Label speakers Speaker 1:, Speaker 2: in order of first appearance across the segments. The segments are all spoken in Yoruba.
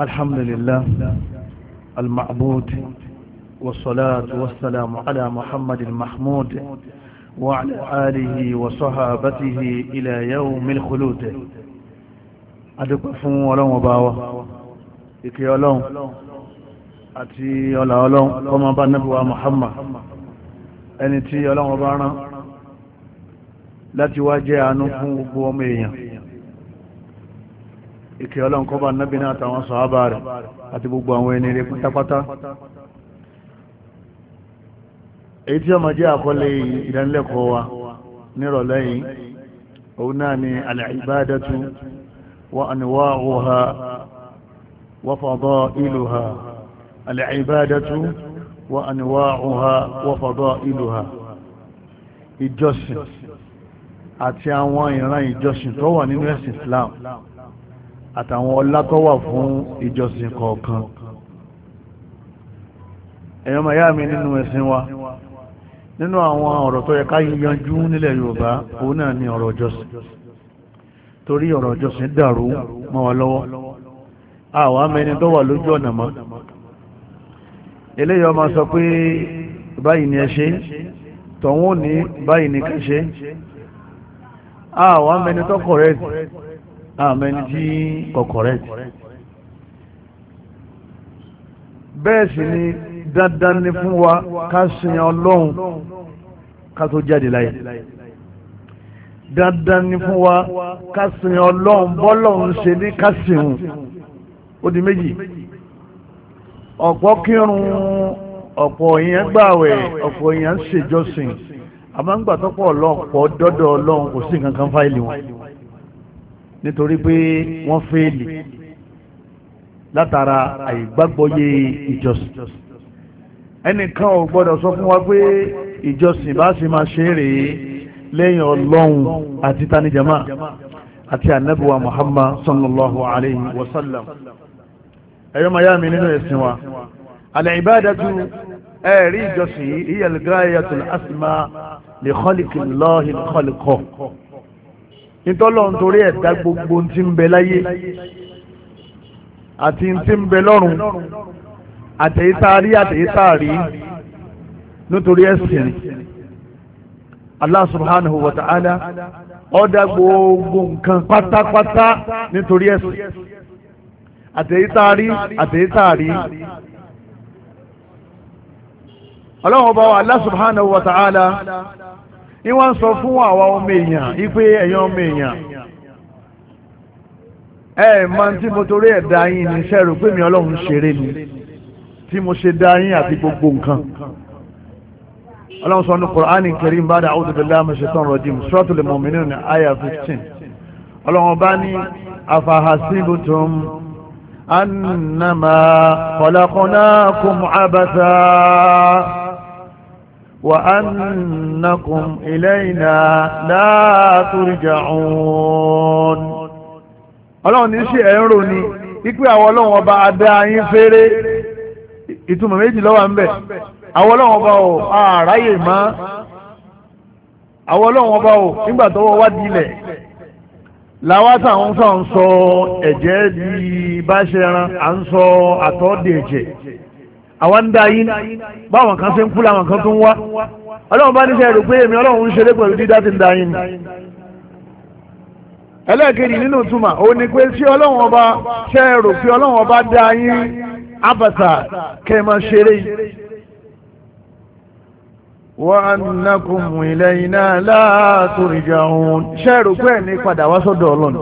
Speaker 1: الحمد لله المعبود والصلاة والسلام على محمد المحمود وعلى آله وصحابته إلى يوم الخلود أدقفون ولو مباوة إكي ولو أتي ولا ولو كما بنبوى محمد أنتي ولو مبانا láti wá jẹ́ àánú ìkẹ́ ọlọ́run kó bá nábì náà rẹ̀ àti gbogbo àwọn ẹni rẹ̀ pátápátá èyí tí ọmọ jẹ́ àkọlé ìdánilẹ́kọ̀ọ́ wa nírọ̀lẹ́ yìí òun náà ni al-ibadatu wa anwa'uha wa fadailuha al wa ìjọsìn àti àwọn ìran ìjọsìn tó wà nínú ẹ̀sìn Islam àtàwọn ọlá tó wà fún ìjọsìn kọ̀ọ̀kan ẹ̀yọ́ màyá mi nínú ẹ̀sìn wa nínú àwọn ọ̀rọ̀ tó yẹ ká yanjú nílẹ̀ Yorùbá òun náà ni ọ̀rọ̀ ìjọsìn torí ọ̀rọ̀ ìjọsìn dàrú mọ́ wa lọ́wọ́ àwọn amẹni tó wà lójú ọ̀nà mọ́ eléyìí ọmọ sọ pé báyìí ni ẹ ṣe tọ̀hún ní báyìí ni ká ṣe àwọn amẹni tó kọ̀rẹ́ẹ̀tì àmọ́ ẹni tí kọ̀kọ̀rẹ́ bẹ́ẹ̀ sì ni dandan ni fún wa ká sin ọlọ́run ká tó jáde láyé dandan ni fún wa ká sin ọlọ́run bọ́lọ́run ṣe ní ká sìn ó di méjì ọ̀pọ̀ kírun ọ̀pọ̀ èèyàn gbààwẹ̀ ọ̀pọ̀ èèyàn ṣèjọsìn àmọ́ ń gbà tọ́pọ̀ ọlọ́run dọ́dọ̀ ọlọ́run kò sí nǹkan kan fáìlì wọn nítorí pé wọ́n fẹ́ẹ̀lì látara àìgbàgbọ́yé ìjọsìn ẹnìkan ò gbọ́dọ̀ sọ fún wa pé ìjọsìn bá sì máa ṣe rèé lẹ́yìn ọlọ́run àti tanijama àti anabiwa muhammad sallallahu alayhi wa sallam ẹ̀yọ́ máa yá mi nínú ẹ̀sìn wa alẹ́ ìbádàtú ẹ̀rí ìjọsìn ìyẹ̀lgáyàtul asma
Speaker 2: li khaliqillahi khaliqo
Speaker 1: nítọ́lọ́ nítorí ẹ̀dá gbogbo ti ń bẹ láyé àti ti ń bẹ lọ́run àtẹ̀yísáárí àtẹ̀yísáárí nítorí ẹ̀sìn Allah subhanahu wa ta'ala ọ̀dà gbogbo nǹkan pátápátá nítorí ẹ̀sìn àtẹ̀yísáárí àtẹ̀yísáárí ọlọ́run ọba wa Allah subhanahu ìwọ́n sọ fún àwa ọmọ èèyàn ipe ẹ̀yàn ọmọ èèyàn ẹ máa tí mo torí ẹ̀ dá yín ní sẹ́rù pé mi ọlọ́run ṣeré ni tí mo ṣe dá yín àti gbogbo nǹkan ọlọ́run sọ ní Qur'an Karim bá dà áwùjọ bẹ̀lẹ́ àmọ́ṣetán rọ̀jìm Suratul Mu'minun ní àyà 15 ọlọ́run bá ní afahasibutum annama khalaqnakum abatha. وأنكم إلينا لا ترجعون ọlọ́run ní sí ẹ̀rọ ni wípé àwọn ọlọ́run ọba adá fèrè ìtumọ̀ méjì ló ń bẹ̀ àwọn ọlọ́run ọba ò àráyè mọ́ àwọn ọlọ́run ọba ò nígbà tọwọ́ wá dilẹ̀ làwọn táwọn sàn sọ ẹ̀jẹ̀ di bá ṣe ran à ń sọ àtọ́ di ẹ̀jẹ̀ àwa ń dá yín
Speaker 2: báwọn kan ṣe ń kú làwọn kan tó ń wá
Speaker 1: ọlọ́run bá níṣẹ́ rò pé èmi ọlọ́run ń ṣeré pẹ̀lú dídá ti ń dá yín ni ẹlẹ́ẹ̀kejì nínú túmọ̀ ó ní pé ṣé ọlọ́run ọba ṣe é rò pé ọlọ́run ọba dá yín abàtà kẹ́ ẹ máa ṣeré wa annakum ilayna la turja'un ṣe é rò pé ẹ̀ ní padà wá sọ́dọ̀ ọlọ́run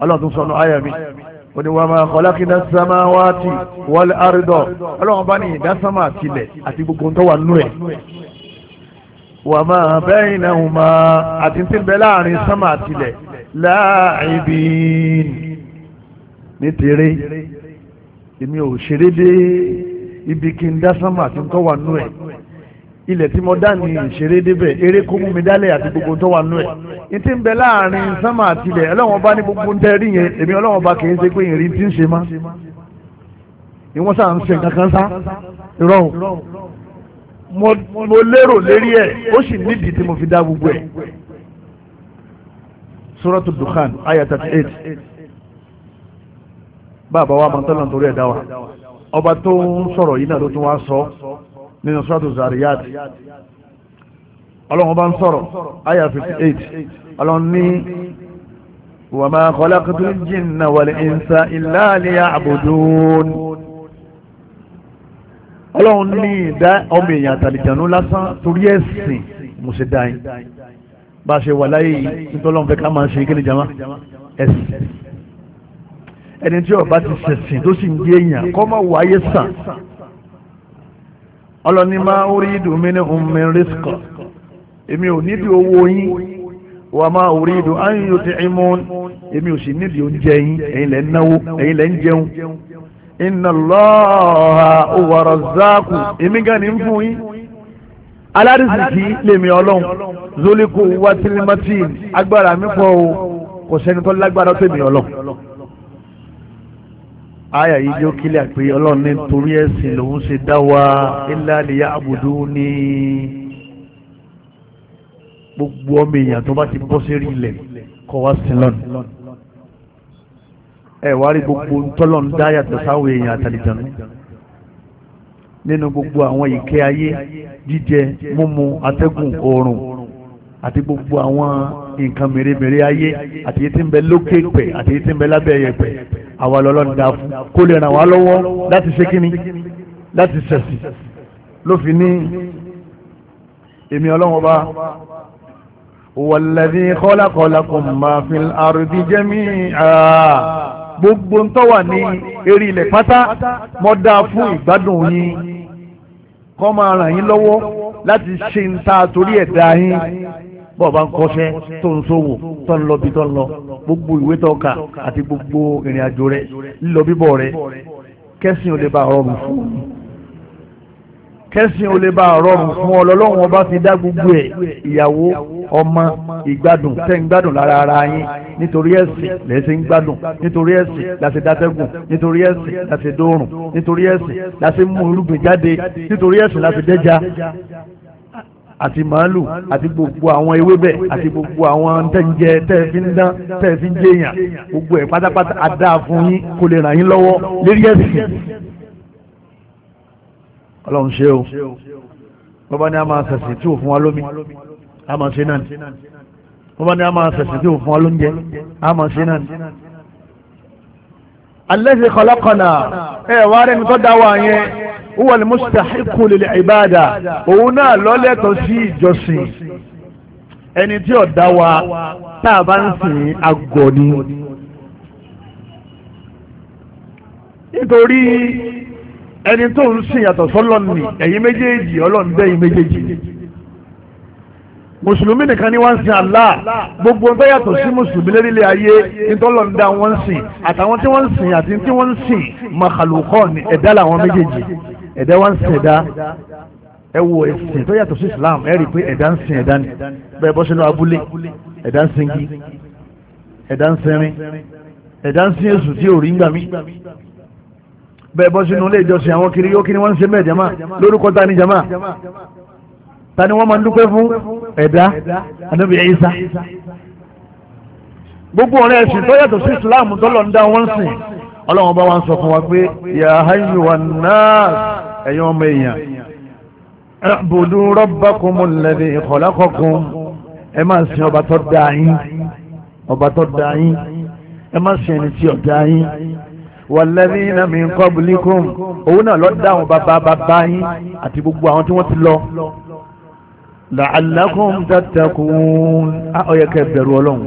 Speaker 1: ọlọ́run tó sọnù ayà mi wọ́n ni wọ́n máa kọ́ lákìdá samáwáàtì wọ́lẹ̀ àrídọ̀ ọlọ́run bá ní ìdásámà tilẹ̀ àti gbogbo tó wà nú ẹ̀ wọ́n máa bẹ́yìn náà wọ́n máa àti tí ń bẹ láàrin sámà tilẹ̀ láàbí ní tèrè èmi ò ṣeré dé ibi kí n dásámà àti tó wà nú ẹ̀ ilẹ̀ tí mo dá ní ìṣeré débẹ̀ eré kó mú mi dálẹ̀ àti gbogbo tó wà nú ẹ̀ ní ti ń bẹ láàrin sánmà àti ilẹ̀ ọlọ́wọ́n bá ní gbogbo ń tẹ́ rí yẹn èmi ọlọ́wọ́n bá kì í ṣe pé ìrìn tí ń ṣe má ni wọ́n sà ń ṣe kankan sá ìrọ̀rùn mo lérò lérí ẹ̀ ó sì nídìí tí mo fi dá gbogbo ẹ̀ Suratul Dukhan ayat thirty eight bàbá wa mọ̀tọ́lọ̀ nítorí ẹ̀dá wa ọba tó ń sọ̀rọ̀ yìí náà ló tún wá sọ nínú sọ́tò zariyat ọlọ́run bá ń sọ̀rọ̀ aya 58 ọlọ́run ní wa ma khalaqtul jinna wal insa illa liya'budun ọlọ́run ní ìdá ọmọ èèyàn àtàlìjànú lásán torí ẹ̀sìn mùsẹ̀ dáin bá ṣe wà láyé nítọ́lọ́n fẹ́ ká máa ṣe kí ni jama ẹ̀sìn ẹni tí ó ti ṣẹ̀sìn tó sì ń gbé èèyàn kọ́ máa wáyé sàn ọlọ́ni máa ń rí ìdùn mi ní omi rìsíkọ̀ èmi ò nídìí owó yín wà máa ò rí ìdùn áyùn yóò ti ìmú èmi ò sì nídìí oúnjẹ yín ẹ̀yin lẹ́ ń náwó ẹ̀yin lẹ́ ń jẹun iná lọ́ọ̀ha huwa razzaku èmi gan ni ń fún yín aládìsíkì lèmi ọlọ́run zoliko wátìlímátì agbára mi pọ̀ o kò sẹ́ni tó lágbára tó èmi ọlọ́run àyà yìí yóò kílẹ̀ pé ọlọ́run ní torí ẹ̀sìn lòun ṣe dá wa illa liya'buduni gbogbo ọmọ èèyàn tó bá ti bọ́ sérí ilẹ̀ kọ́ wá sí lọ́nà ẹ wá rí gbogbo tọ́lọ́n dá yàtọ̀ sáwọn èèyàn àtàlìjànú nínú gbogbo àwọn ìkẹ́ ayé jíjẹ mímu atẹ́gùn oòrùn àti gbogbo àwọn nǹkan mèremère ayé àti èyí tí ń bẹ lókè pẹ̀ àti èyí tí ń bẹ lábẹ́ yẹ̀pẹ̀ àwa lọ́lọ́ da fún kó lè ràn wá lọ́wọ́ láti ṣe kíni láti ṣẹ̀sì ló fi ní èmi ọlọ́run ọba wàlẹ́dí kọ́lákọ́lákùn máa fi àrùdí jẹ́mí gbogbo ń tọ́wà ní eré ilẹ̀ pátá
Speaker 2: mọ́ dáa fún ìgbádùn yín
Speaker 1: kọ́ máa ràn yín lọ́wọ́ láti ṣe ń ta torí ẹ̀dá yín bọ́ ọba ń kọ́ṣẹ́ tó ń ṣòwò tó ń lọ bí tó ń lọ gbogbo ìwé tó kà àti gbogbo ìrìn àjò rẹ lílọ bíbọ̀ rẹ kẹ́sìn ò lè bá rọrùn fún ọ kẹ́sìn ò lè bá rọrùn fún ọ lọ́lọ́run ọba ti dá gbogbo ẹ̀ ìyàwó ọmọ ìgbádùn tẹ́ ń gbádùn lára ara yín nítorí ẹ̀sìn lẹ́sìn ń gbádùn nítorí ẹ̀sìn láti dátẹ́gùn nítorí ẹ̀sìn láti dóorùn nítorí ẹ̀sìn láti mú irúgbìn jáde nítorí ẹ̀sìn láti dẹ́ja àti màálù àti gbogbo àwọn ewébẹ̀ àti gbogbo àwọn tẹ̀jẹ̀ tẹ̀fíndán tẹ̀fíndéèyàn gbogbo ẹ̀ pátápátá àdá fún yín kò lè ràn yín lọ́wọ́ lérí ẹ̀sìn ọlọ́run ṣe o bọ́bá ní a máa sẹ̀sìn tí ò fún wa lómi a máa ṣe náà ni bọ́bá ní a máa sẹ̀sìn tí ò fún wa lóúnjẹ
Speaker 2: a máa ṣe náà ni.
Speaker 1: alẹ́ ṣe kọ́lọ́kọ̀nà ẹ̀ wá rẹ́ni tó dá wa yẹn huwa al-mustahiqu lil-ibada òun náà lọ́lẹ́tọ̀ sí ìjọsìn ẹni tí ó dá wa tá a bá ń sìn àgọ̀ ni. nítorí ẹni tó ń sìn yàtọ̀ sọ́lọ́ọ̀nì ẹ̀yin méjèèjì ọlọ́ọ̀dẹ́yìn méjèèjì mùsùlùmí nìkan ni wọ́n ń sin Allah gbogbo ń fẹ́yàtọ̀ sí mùsùlùmí lérílẹ̀ ayé ìtọ́lọ̀ ń sìn àtàwọn tí wọ́n ń sìn àti tí wọ́n ń sìn màkàlùkọ́ ẹ̀dá làwọn méjèèjì ẹ̀dá wa ń sin ẹ̀dá ẹ wo ẹ̀sìn tó yàtọ̀ sí Islam ẹ rí i pé ẹ̀dá ń sin ẹ̀dá ni bẹ́ẹ̀ bọ́ sínú abúlé ẹ̀dá ń sin gi ẹ̀dá ń sinrin ẹ̀dá ń sin èṣù tí ò rí gbà mí bẹ́ẹ̀ bọ́ sínú ilé ìjọsìn àwọn kiri yóò kí ni wọ́n ń ṣe mẹ́ẹ̀ jama lórúkọ ta ni jama ta ni wọ́n máa ń dúpẹ́ fún ẹ̀dá anábì ẹ̀yíṣà gbogbo ọ̀rẹ́ ẹ̀sìn tó yàtọ̀ sí Islam tọ́lọ̀ ń dá wọ́n sìn ọlọ́run bá wá ń sọ fún wa pé ya ayyuhan nas ẹ̀yin ọmọ èèyàn i'budu rabbakumul ladhi khalaqakum ẹ máa sin ọba tó dá yín ọba tó dá yín ẹ máa sin ẹni tí ó dá yín walladhina min qablikum òun náà ló dá àwọn bàbá bàbá yín àti gbogbo àwọn tí wọ́n ti lọ la'allakum tattaqun á bẹ̀rù ọlọ́run.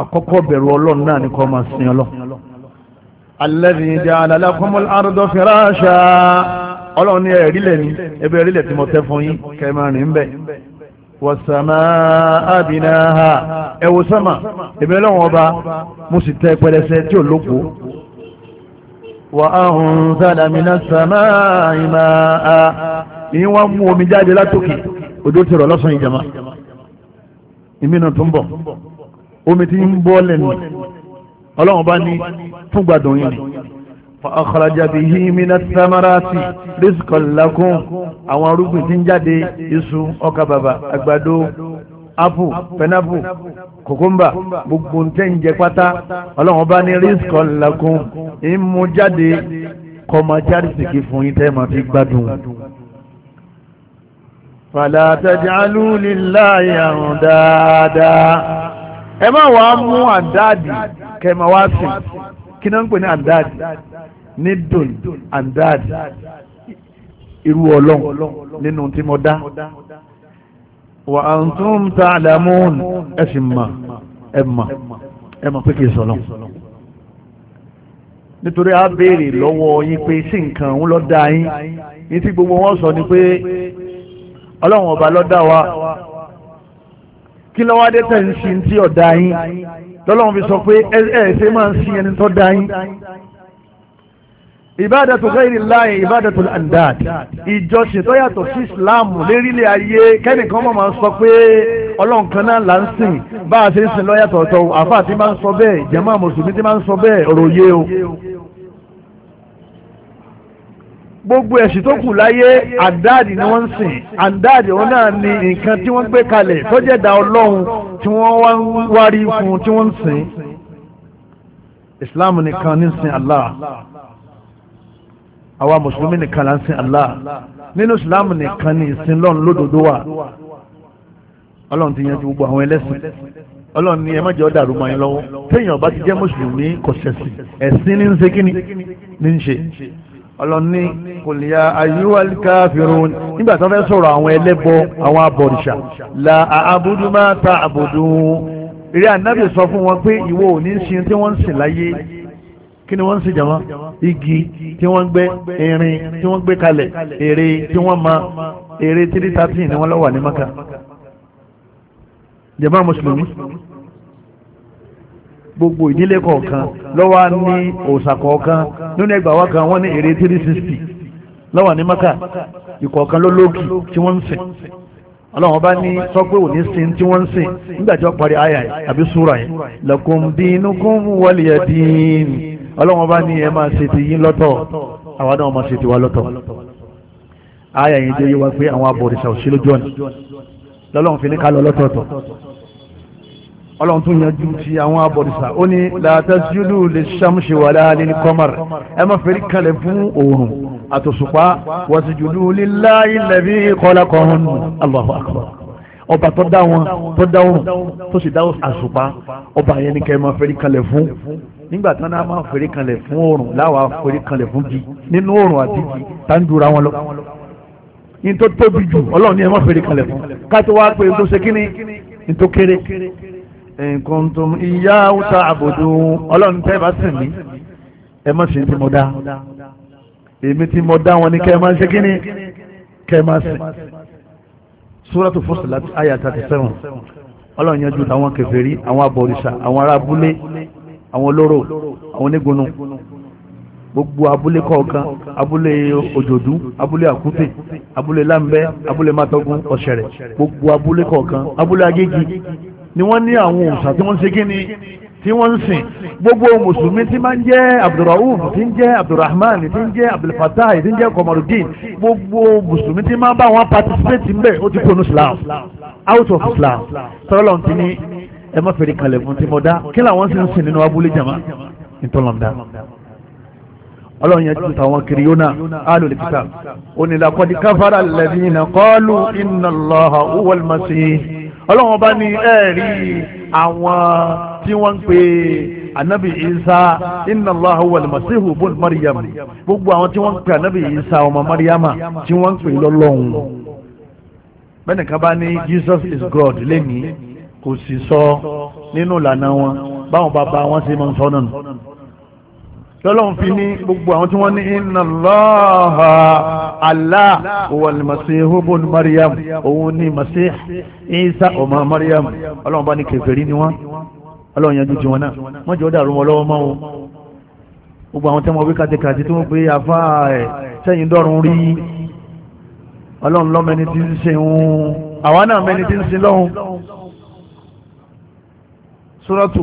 Speaker 1: akọkọ bẹ̀rù ọlọ́run náà ní kó máa sin ọlọ́run alladhi ja'ala lakumul arda firasha ọlọ́run ní ẹ̀rí lẹ̀ ní ẹbẹ̀ ẹ̀rí lẹ̀ tí mo tẹ́ fún yín kẹ́mà rìn bẹ̀ wọ̀sàmà àbínáhà ẹ̀wò sàmà ẹ̀bẹ̀ lọ́wọ́n ọba mo sì tẹ́ tí ò lóko wà áhùn ìmà omi jáde látòkè lọ́sàn ìmínà tó omi ti ń bọ́ lẹ́nu ọlọ́run bá ní fún gbàdùn yìí fa akhraja bihi minas samarati rizqan lakum àwọn arúgbìn tí ń jáde iṣu ọkà bàbà àgbàdo apu pẹnapu kòkómbà gbogbo ntẹ́ǹjẹ pátá ọlọ́run bá ní rizqan lakum ìmú jáde kọmọ járíṣìkì fún yín tẹ́ máa fi gbádùn fala taj'alu lillahi dáadáa ẹ má wàá mú àndáàdì kẹmà wá sí kí náà ń pè ní àndáàdì ní dùn àndáàdì irú ọlọ́run nínú tí mo dá wà á ń tún ta àdàmúhùn ẹ sì mà ẹ mà ẹ mà pé kì í sọ̀lọ́ nítorí a béèrè lọ́wọ́ yín pé sí nǹkan òun ló dá yín ní tí gbogbo wọn sọ ni pé ọlọ́run ọba ló wa kí lọ́wọ́ adé tẹ̀ ń sin tí ọ̀dà yín lọ́lọ́run fi sọ pé ẹ ẹ ṣe máa ń sin ẹni tó dá yín. ìbádàtò gáírì láàyè ìbádàtò àǹdàd ìjọsìn tó yàtọ̀ sí ìsìláàmù lérílẹ̀ ayé kẹ́nìkan mọ̀ máa ń sọ pé ọlọ́run kan náà là ń sìn bá a ṣe ń sìn lọ́yàtọ̀ ọ̀tọ̀ àfáà ti máa ń sọ bẹ́ẹ̀ jàmáà mùsùlùmí ti máa ń sọ bẹ́ẹ̀ òròyé o gbogbo ẹ̀sìn tó kù láyé àdáàdì ni wọ́n ń sìn àdáàdì òun náà ni nǹkan tí wọ́n gbé kalẹ̀ tọ́jẹ̀dá ọlọ́run tí wọ́n wá ń wárí fún tí wọ́n ń sìn islam nìkan ní sìn allah àwa mùsùlùmí nìkan là ń sìn allah nínú islam nìkan ní ìsìn lọ́run lódodo wa ọlọ́run ti yanjú gbogbo àwọn ẹlẹ́sìn ọlọ́run ni ẹ má jẹ́ ọ́ dàrú mọ́ lọ́wọ́ téèyàn bá ti jẹ́ mùsùlùmí kò ṣẹ̀sìn ẹ̀sìn ní ń ṣe kíni ní ń ṣe ọlọ́ni kòlìyà ayúwàlì káfírun nígbà tó fẹ́ sọ̀rọ̀ àwọn ẹlẹ́bọ àwọn abọ̀rìṣà la àbúdú máa ta àbùdù eré ànábì sọ fún wọn pé ìwọ ò ní sin tí wọ́n ń sìn láyé kí ni wọ́n ń sìn jàmọ́ igi tí wọ́n ń gbẹ́ irin tí wọ́n ń gbé kalẹ̀ ère tí wọ́n ma ère three thirteen ni wọ́n lọ́wọ́ ní maka jàmọ́ mùsùlùmí gbogbo ìdílé kọ̀ọ̀kan lọ́wọ́ ní òòsà kọ̀ọ̀kan nínú ẹgbàá wa kan wọ́n ní èrè three lọ́wọ́ ní maka ìkọ̀ọ̀kan ló tí wọ́n ń sìn ọlọ́run bá ní sọ pé òní sin tí wọ́n ń sìn nígbà tí wọ́n parí àyà yìí àbí súra yìí lakum dinukum ọlọ́run bá ní wa lọ́tọ̀ àyà yìí jẹ́ pé àwọn òṣèlú lọ́lọ́run fi ní ká lọ ọlọ́run tún yanjú ti àwọn abọ̀dìsà ó ní làtàjúdù lè ṣàmùṣe wà láàrin ní kọ́mọ̀rẹ̀ ẹ má fẹ́rí kalẹ̀ fún oòrùn àtòṣùpá wàsíjúdù líláyé lẹ́bí kọ́lákọ́rún Allahu akbar ọba tó dá wọn tó dá oòrùn tó sì dá àṣùpá ọba yẹn ní kẹ́ má fẹ́rí kalẹ̀ fún nígbà tán náà má fẹ́rí kalẹ̀ fún oòrùn láwa fẹ́rí kalẹ̀ fún gi nínú oòrùn àti gi tá ń wọn lọ ní tó tóbi jù ọlọ́run ní ẹ má fẹ́rí kalẹ̀ fún ká tó wá pé ní tó ṣe kíní ní tó kéré nǹkan tó ìyá òta àbòdò ọlọ́run tẹ́ bá sìn mí ẹ má ṣe tí mo dá èmi tí mo dá wọn ni kẹ́ ẹ máa ṣe kí ni kẹ́ ẹ máa sìn Suratu Fussilat àyà 37 ọlọ́run yanjú àwọn kèfèrí àwọn abọ̀rìṣà àwọn ará abúlé àwọn olóró àwọn onígunnu gbogbo abúlé kọ̀ọ̀kan abúlé òjòdú abúlé àkúté abúlé lámbẹ́ abúlé mátọ́gún ọ̀ṣẹ̀rẹ̀ gbogbo abúlé kọ̀ọ̀kan abúlé agégi ni wọ́n ní àwọn òòṣà tí wọ́n ń ṣe ni tí wọ́n ń sìn gbogbo mùsùlùmí tí máa ń jẹ́ abdulrauf tí ń jẹ́ abdulrahman tí ń jẹ́ abdulfatah tí ń jẹ́ kọmọdùdín gbogbo mùsùlùmí tí máa ń bá wọn participate ń bẹ̀ ó ti kó nu islam out of islam tọ́lọ́ ti ní ẹ má fèrè kalẹ̀ fún tí mo dá kí làwọn sì ń sìn nínú abúlé jama ìtọ́lọ́mdá ọlọ́run yẹn ti tàwọn kiri yóná alòlè kitab onílàkọ́dí káfárà alladhina qalu inna allaha huwal masih ọlọ́run ọba ní ẹ̀rí àwọn tí wọ́n ń pè anabi isa inna allah huwa almasihu bun maryam gbogbo àwọn tí wọ́n ń pè anabi isa ọmọ maryama tí wọ́n ń pè lọ́lọ́run bẹ́ẹ̀ni bá ní jesus is god lẹ́ni kò sì sọ nínú ìlànà wọn báwọn bàbá wọn ṣe máa ń sọ lọ́lọ́run fi ní gbogbo àwọn tí wọ́n ní inna Allaha Allah wal masihu ibn Maryam òun ní Masih Isa ọmọ Maryam ọlọ́run bá ní kèfèrí ni wọ́n ọlọ́run yanjú tiwọn náà wọ́n jọ dàrú wọn lọ́wọ́ mọ́ o gbogbo àwọn tẹ́wọ́n wí kàtẹ́kàtẹ́ tí wọ́n pe àfa ẹ̀ sẹ́yìn dọ́run rí ọlọ́run lọ́mẹni tí ń sin òun àwọn náà mẹni tí ń sin lọ́hun suratu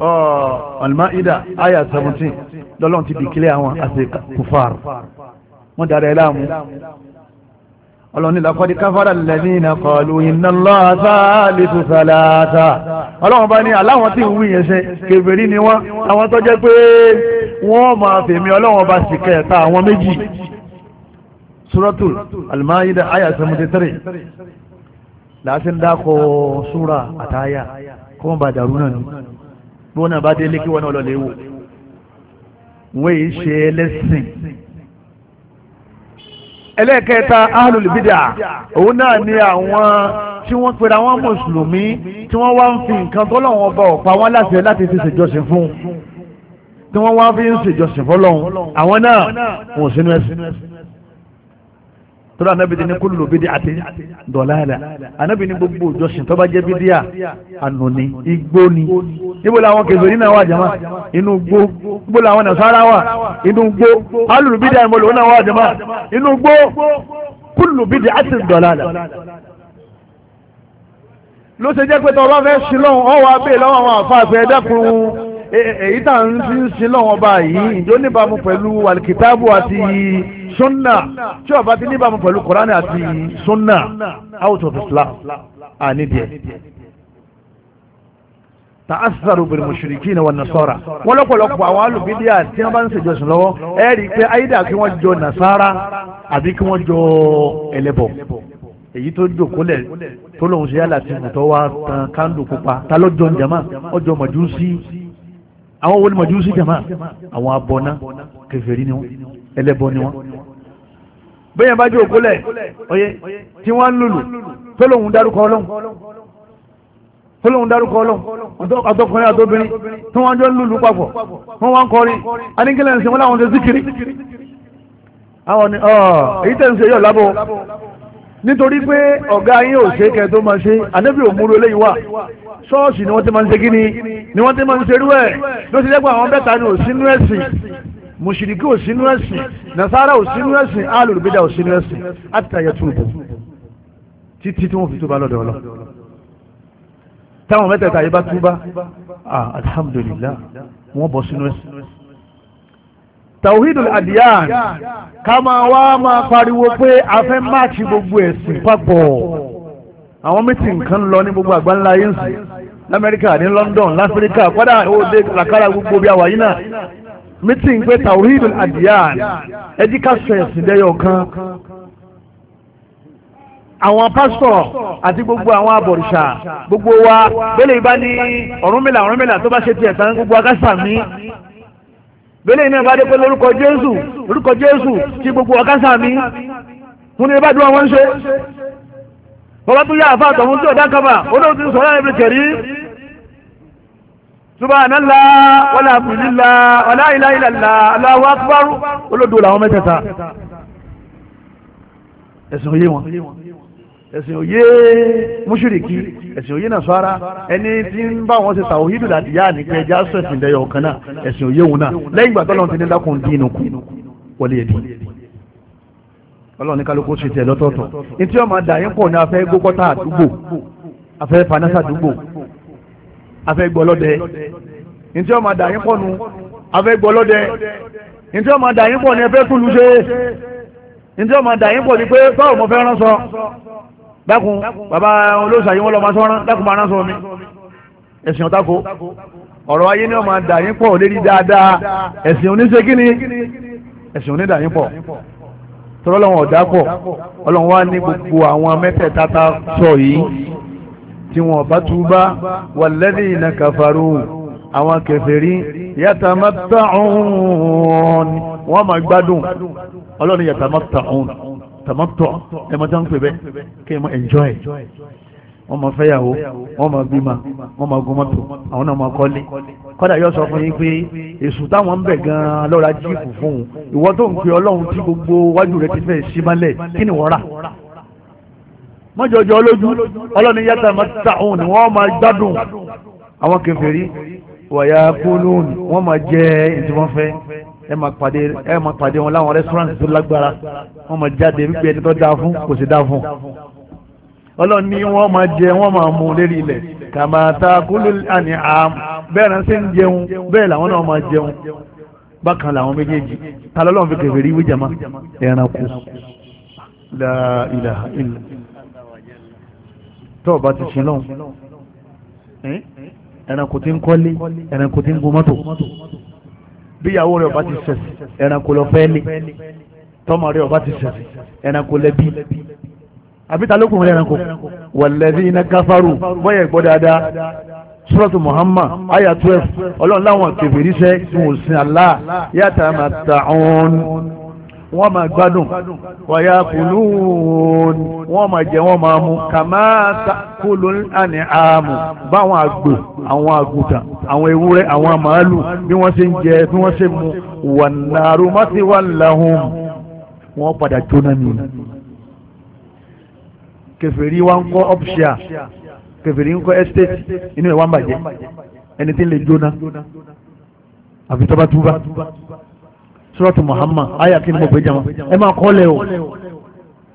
Speaker 1: uh, Al-Ma'idah ayah 17 lọ́lọ́run ti dìkílẹ̀ àwọn àti kùfàr wọ́n dára ẹ láàmú ọlọ́run ní laqad kafara alladhina qalu inna Allaha thalithu thalatha ọlọ́run bá ní aláwọn tí ń wí yẹn ṣe kèfèrí ni wọ́n àwọn tó jẹ́ pé wọ́n máa fèmí ọlọ́run bá sì kẹta àwọn méjì suratul al-Ma'idah ayah láti ń dákọ̀ súra àtàyà kó wọ́n náà bá délé kí wọ́n náà lọ léwu wọ́n yìí ṣe ẹlẹ́sìn ẹlẹ́ẹ̀kẹta ahlulbida òun náà ni àwọn tí wọ́n pera wọn mùsùlùmí tí wọ́n wá ń fi nǹkan tọ́lọ́wọ́n ọba ọ̀pá wọn láti ẹ̀ láti fi ṣèjọsìn fún tí wọ́n wá fi ṣèjọsìn fọ́lọ́hún àwọn náà wọn sínú ẹ̀sìn tọ́lá anábì ní kúlù bídí àti dọ̀láàlà anábì ní gbogbo ìjọsìn tó bá jẹ́ bídí à ànú ni igbó ni níbo làwọn kèso nínú àwọn àjàmá inú gbó níbo làwọn nàṣàrà wà inú gbó alùlù bídí àìmọ̀ lòun náà wà àjàmá inú gbó kúlù bídí àti dọ̀láàlà. ló ṣe jẹ́ pé tọ́lá fẹ́ sí lọ́hùn ọ̀ wá bẹ́ẹ̀ lọ́wọ́ àwọn àfáàfẹ́ dẹ́kun èyí tà ń sí lọ́wọ́ báyìí ìjọ níbàámu pẹ̀lú àlìkìtáàbù àti sunna tí ọba ti níbàámu pẹ̀lú Kùránì àti sunna out of Islam ànídìẹ ta'asaru bil mushrikin wa nasara wọ́n lọ́pọ̀lọpọ̀ àwọn alùbídíà tí wọ́n bá ń ṣèjọsìn lọ́wọ́ ẹ rí pé àyídà kí wọ́n jọ nasara àbí kí wọ́n jọ ẹlẹ́bọ èyí tó jòkólẹ̀ tó lóun ṣe yálà tí mùtọ́ wa tan kándù pupa ta ló jọ jama ọjọ́ mọ̀júsí àwọn wo ni mọ̀júsí àwọn abọ́ná kèfèrí ni wọ́n ẹlẹ́bọ ni wọ́n bẹ́yẹn bá jẹ́ òkúlẹ̀
Speaker 2: oyé tí wọ́n ń lùlù tó lòun dárúkọ ọlọ́run
Speaker 1: tó lòun dárúkọ ọlọ́run àtọkùnrin àtobìnrin tí wọ́n jọ ń lùlù papọ̀ wọ́n wá ń kọrin aníkílẹ̀ ń sìn wọ́n láwọn ṣe síkiri àwọn ni èyí tẹ̀ ń ṣe yọ̀ lábọ̀ nítorí pé ọ̀gá yín ò ṣe kẹ́ tó máa ṣe ànábì òmúru eléyìí wà ṣọ́ọ̀ṣì ni wọ́n ti máa ń ṣe kí ni ni wọ́n ti máa ń ṣerú ẹ̀ ló ti dẹ́gbà àwọn bẹ́ta ni ò sínú ẹ̀sìn mùsùlùkì ò sínú ẹ̀sìn nasara ò sínú ẹ̀sìn alùbídà ò sínú ẹ̀sìn àtàyẹ túbọ̀ títí tí wọ́n fi túbà lọ́dọ̀ ọlọ́ táwọn mẹ́tẹ̀ẹ̀ta yìí bá túbà alhamdulillah wọ́n bọ̀ sínú ẹ̀sìn tawhidul adiyan ká máa wá máa pariwo pé a fẹ́ máàkì gbogbo ẹ̀sìn papọ̀ àwọn mítìn kan lọ ní gbogbo àgbáńlá yín sí lamẹ́ríkà ní London láfíríkà kọ́dà òde làkàrà gbogbo bí àwàyí náà meeting pé tawhidul adiyan ẹjíká sẹ̀sìn dẹ́yọ̀ kan àwọn pásítọ̀ àti gbogbo àwọn abọ̀rìṣà gbogbo wa bẹ́lẹ̀ bá ní ọ̀rúnmìlà ọ̀rúnmìlà tó bá ṣe tiẹ̀ tán gbogbo akásà mi bẹ́lẹ̀ iná bá dé pé lórúkọ jésù lórúkọ jésù tí gbogbo akásà mi fún ní bá dúró wọn ṣe bọ́lá tó yá àfa àtọ̀hún tí ọ̀dá kaba ó lóun ti sọ̀rọ̀ ẹ̀ subhanallah wala abudulillah wala ilaha illallah Allahu akbar olódò làwọn mẹ́tẹ̀ẹ̀ta ẹ̀sìn òye wọn ẹ̀sìn òye mùṣírìkì ẹ̀sìn òye nàṣọ́ra ẹni tí ń bá wọn ṣe tàwíìdù láti yá ní pé ẹja sọ̀tìn kan náà ẹ̀sìn afẹ́gbọ́lọ́dẹ ntí ọmọ àdá yín pọ̀ nu afẹ́gbọ́lọ́dẹ ntí ọmọ àdá yín pọ̀ ni ẹfẹ́ túlù ṣe ntí ọmọ àdá yín pọ̀ ni pé báwo mo fẹ́ rán sọ dákun bàbá olóòṣà yìí wọ́n lọ́ọ́ máa sọ rán dákun máa rán sọ mi ẹ̀sìn ọ̀tako ọ̀rọ̀ ayé ni ọmọ àdá yín pọ̀ lérí dáadáa ẹ̀sìn oníṣekíni ẹ̀sìn onídà yín pọ̀ tọ́lọ́wọ́n ọ̀dà pọ̀
Speaker 2: ọlọ́run wá ní gbogbo
Speaker 1: àwọn mẹ́tẹ̀ẹ̀ta sọ yìí tí wọ́n bá túbá walladhina kafaru àwọn kèfèrí yatamatta'un wọ́n máa gbádùn ọlọ́run yatamatta'un tàmọ́tọ̀ ẹ máa tán pè bẹ́ kí ẹ máa enjoy wọ́n máa fẹ́yàwó wọ́n máa bímọ wọ́n máa gun mọ́tò àwọn náà máa kọ́lé kọ́dà yóò sọ fún yín pé èṣù táwọn ń bẹ̀ gan-an lọ́ra jíìpù fún un ìwọ tó ń pe ọlọ́run tí gbogbo wájú rẹ ti fẹ́ sí mọ́jọ́jọ́ olójú ọlọ́ni yàtà máa ta òun ni wọ́n máa gbádùn àwọn kèfèrí wàyà kúlóònù wọ́n máa jẹ ètò wọn fẹ́ ẹ máa pàdé ẹ máa pàdé wọn láwọn rẹ́sítọ́rántì tó lágbára wọ́n máa jáde wípé ẹni tó dáa fún kò sí dáa fún ọlọ́run ní wọ́n máa jẹ wọ́n máa mú lérí ilẹ̀ kàmáta kúlù àní àm bẹ́ẹ̀ náà ṣe ń jẹun bẹ́ẹ̀ làwọn náà máa jẹun bákan làwọn méjèèjì ta lọ́lọ́run fi kẹfẹ́ wíjàmá ẹranko la ilaha illa tó bá ti ṣe lọ́hùn ẹranko tí ń kọ́lé ẹranko tí ń gun mọ́tò bí ìyàwó rẹ̀ ọba ti sẹ̀sì ẹranko lọ fẹ́ lé tọ́mọ rẹ̀ ọba ti sẹ̀sì ẹranko lẹ́bí àbíta lókùnrin ẹranko walladhina kafaru bọ́yẹ̀ gbọ́ dáadáa suratu muhammad aya twelve ọlọ́run láwọn kẹfìrí sẹ́ ń wò sin Allah
Speaker 2: yàtà màtà ọ̀hún
Speaker 1: wọ́n máa gbádùn wàyà kùlùún wọ́n máa jẹ wọ́n máa mú kàmá kùlùún àní àmù báwọn àgbò àwọn àgùntàn àwọn ewúrẹ́ àwọn màálù bí wọ́n ṣe ń jẹ bí wọ́n ṣe mu wànàrú mọ́tì wà láhùn wọ́n padà jóná ni kẹfẹ́rí wa ń kọ́ ọ́pṣíà kẹfẹ́rí ń kọ́ ẹ́stéètì inú ẹ̀ wá ń bàjẹ́ ẹni tí ń lè jóná àfi tọ́ba túbá suratu muhammad aya kí ni mo pè jama ẹ máa kọ́ lẹ̀ o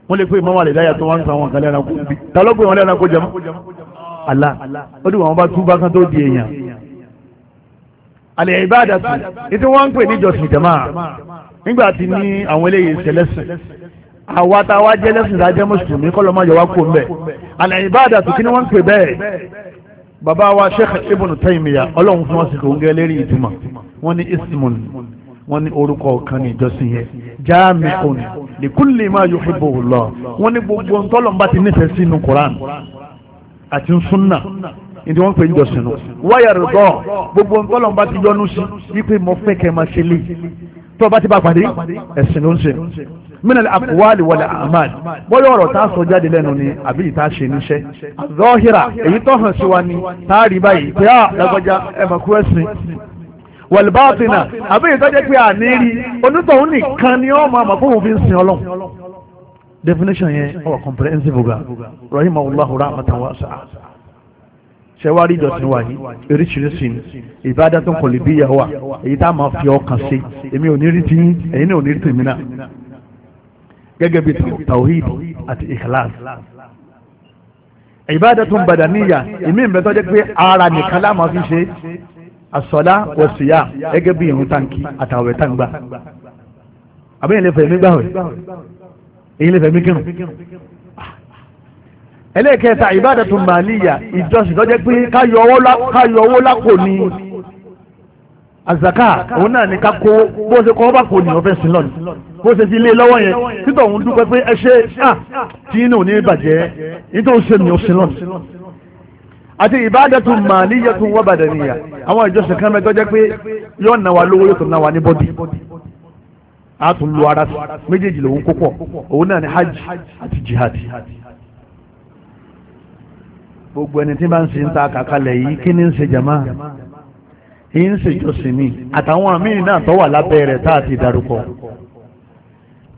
Speaker 1: wọ́n lè pé ìmọ̀ àlè láyà tó wá ń sa àwọn àkàlẹ́ ẹranko bí ta ló pé jama àlá
Speaker 2: ó dùn àwọn bá tú bákan tó di èèyàn
Speaker 1: àlè ìbáàdà tù wọ́n ń pè níjọsìn jama nígbà tí ní àwọn eléyìí ṣẹlẹ́sìn àwa tá a wá jẹ́ lẹ́sìn tá a jẹ́ mùsùlùmí kọ́ ló máa yọ wá kó mbẹ́ àlè ìbáàdà kí ni wọ́n ń pè bẹ́ẹ̀ bàbá wa sheikh ibn taymiya ọlọ́run fún wọn sì kò wọ́n ní orúkọ ọ̀kan ní ìjọsìn yẹn jáàmì òní lèkúlè máa yọ ìbò lọ wọ́n ní gbogbo ntọ́lọ́mbà ti nífẹ̀ẹ́ sínú koran àti sunna ìdí wọ́n pè ń jọsìn nù wáyà rẹ̀ bọ̀ gbogbo ntọ́lọ́mbà ti yọnu sí wípé mo fẹ́ kẹ́ máa ṣe lé tó o bá ti bá pàdé ẹ̀sìn ló ń ṣe minal aqwali wal a'mal bọ́yọ̀ ọ̀rọ̀ tá a sọ jáde lẹ́nu ni àbí ìta ṣe níṣẹ́
Speaker 2: zọ́hìrà èyí tó hàn sí wa ni tá a rí báyìí pé á ah, lágbájá
Speaker 1: ẹ̀ mọ̀ kú ẹ̀sìn wọ̀lùbáàtìnà àbí ìtọ́jẹ́ pé àníírí onítọ̀hún nìkan ni ọmọ àmọ̀ fún òfin sin ọlọ́run definition yẹn ọwọ́ comprehensive ga rahim allahu rahmatan wasa ṣẹwárí ìjọsìn wa yìí oríṣiríṣi ìbádá tó ń kò lè bí wa èyí tá a máa fi ọkàn sí èmi ò ní rí ti yín ẹ̀yin ò ní rí tèmi náà gẹ́gẹ́ bí tawhid àti ikhlas ìbádá tó ń badaniya ìmí ìbẹ́tọ́jẹ́ pé ara nìkan láà máa fi ṣe asọ́lá wọ̀sùyà gẹ́gẹ́ bí irun tanki àtàwẹ̀ tangba àbẹ́yìn lè fẹ̀mí gbàwẹ̀ èyí lè fẹ̀mí kírun ẹlẹ́ẹ̀kẹta ìbádàtun màlíyà ìjọsìn lọ́jẹ́ pé káyọ owó lápò ní azaka òun náà ní ká kó bó ṣe kọ́ bá kò ní ọ̀fẹ́ sí lọ́nà bó ṣe ti lé lọ́wọ́ yẹn títọ̀ òun dúpẹ́ pé ẹ ṣe ah, tí inú ò ní bàjẹ́ nítorí ṣe ní ọ̀sìn
Speaker 2: lọ́nà
Speaker 1: àti ìbádàtú màníyàtú wà bàdàníyà àwọn ìjọsìn kan mẹ́tọ́ jẹ́ pé yóò nà lówó yóò tún nà ní bọ́dì a tún lu ara sí méjèèjì lòun ni hajj àti jihad gbogbo ẹni tí bá ń ta kàkálẹ̀ ni ń jama yìí ń mi àtàwọn míì náà tó wà lábẹ́ rẹ̀ tá a ti darúkọ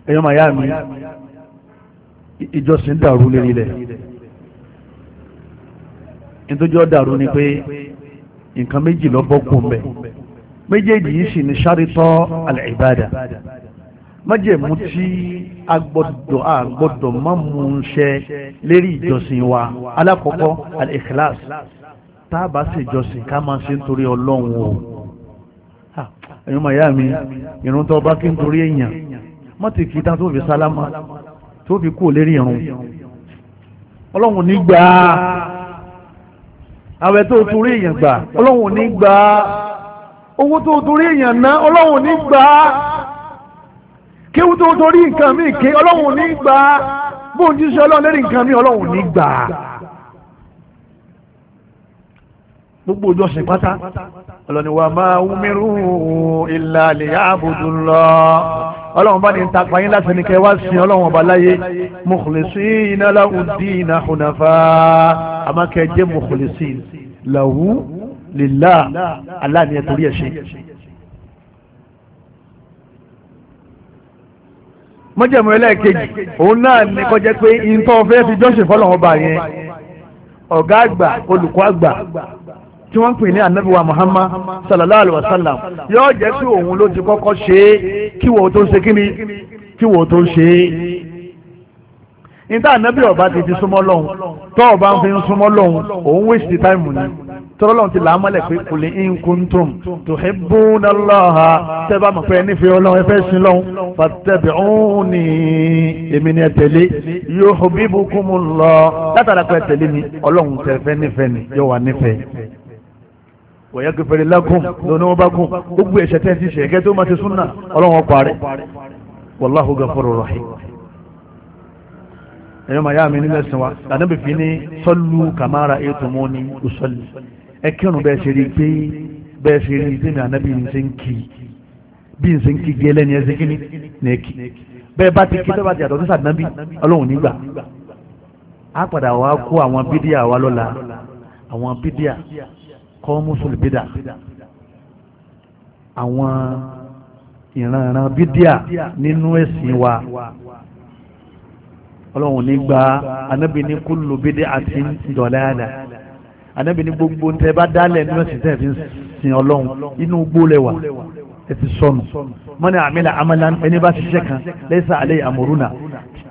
Speaker 1: mi ìjọsìn dàrú lérí nítorí ọ̀dàrú ni pé nǹkan méjì lọ bọ́kùn bẹ̀ méjèèjì yìí sì ni sárítọ́ àlẹ́ìbàdà májèmú tí a gbọ́dọ̀ a gbọ́dọ̀ má mú un ṣe lérí ìjọsìn wa alákọ̀ọ́kọ́ al-ikhlas tá a bá ṣe ìjọsìn ká máa ṣe nítorí ọlọ́run o ẹ̀yin màá yá mi
Speaker 2: irun tó bá kí nítorí èèyàn
Speaker 1: má ti kí tán tó fi sálámà tó fi kú lérí irun ọlọ́run nígbà àwẹ̀ tó torí èèyàn gbà ọlọ́run ní gbà á owó tó torí èèyàn ná ọlọ́run ní gbà á kéwú tó torí nǹkan míì ké ọlọ́run ní gbà á
Speaker 2: bóun ti sọ ọlọ́run lérí nǹkan míì ọlọ́run ní gbà
Speaker 1: gbogbo ojú ọ̀sẹ̀ pátá ọlọ́ni wa máa umiru illa liya'budullah ọlọ́run bá ní ń tapa yín láti ní kẹ́ wá sí ọlọ́run ọba láyé mukhlisina lahu dina hunafa àmọ́kẹ́ jẹ́ mukhlisin lahu lillah aláàní ẹ̀ torí ẹ̀ ṣe. mọ́jẹ̀mú ẹlẹ́ẹ̀kejì òun náà ní kọjá pé ìtọ́ fẹ́ẹ́ fi jọ́sìn fọlọ́run ọba yẹn ọ̀gá àgbà olùkọ́ àgbà tí wọ́n ń pè ní anabiwa muhammad sallallahu alaihi wa sallam yóò jẹ́ kí òun ló ti kọ́kọ́ ṣe é kí wò ó tó ṣe kíni
Speaker 2: kí wò ó tó ṣe
Speaker 1: é níta anabi ọba ti ti súnmọ́ lọ́hùn tó ọba ń fi ń súnmọ́ lọ́hùn òun wéṣì táìmù ni tọ́lọ́ lọ́hùn ti làámọ́lẹ̀ pé kò lè in kuntum tuhibbuna Allaha tẹ́bà mọ̀ pé ẹni fi ọlọ́hun ẹfẹ́ sin lọ́hùn fattabi'uni èmi ni ẹ tẹ̀lé yuhibbukumullah látara pé ẹ tẹ̀lé mi ọlọ́hun tẹ̀ fẹ́ nífẹ̀ẹ́ ni yóò wà nífẹ̀ẹ́ wọ̀nyẹ́ kẹfẹ́rẹ́ lakum lónìí wọn bá kún gbogbo ẹ̀ṣẹ̀ tẹ́ ti ṣe kẹ́ tó máa ti súnà ọlọ́wọ́n parẹ́ wallahu ghafurur rahim ẹ̀yọ́ màá yá mi nílẹ̀ sìn wa lànàbì fi ní sallu kama ra'aytumuni usalli ẹ kírun bẹ́ẹ̀ ṣe rí pé bẹ́ẹ̀ ṣe rí pé mi ànábì ń ṣe ń kì bí n ṣe ń kí gẹ́lẹ́ ni ẹ ṣe kí ni bẹ́ẹ̀ bá ti kí bẹ́ẹ̀ bá ti àtọ́jú sàdánbí ọlọ́run nígbà á padà wá kó àwọn bídíà wa lọ́la àwọn bídíà kọ́mùsùl bídà àwọn ìrànràn bídíà nínú ẹ̀sìn wa ọlọ́run ní gba anábì ní kúlù bídíà àti dọ̀láàlà anábì ní gbogbo tẹ bá dálẹ̀ nínú ẹ̀sìn tẹ̀ fi ń sin ọlọ́run inú gbólẹ̀ wà ẹ ti sọnù mọ́ni àmìlà amalan ẹni bá ṣiṣẹ́ kan lẹ́sà àlẹ́ àmọ̀rúnà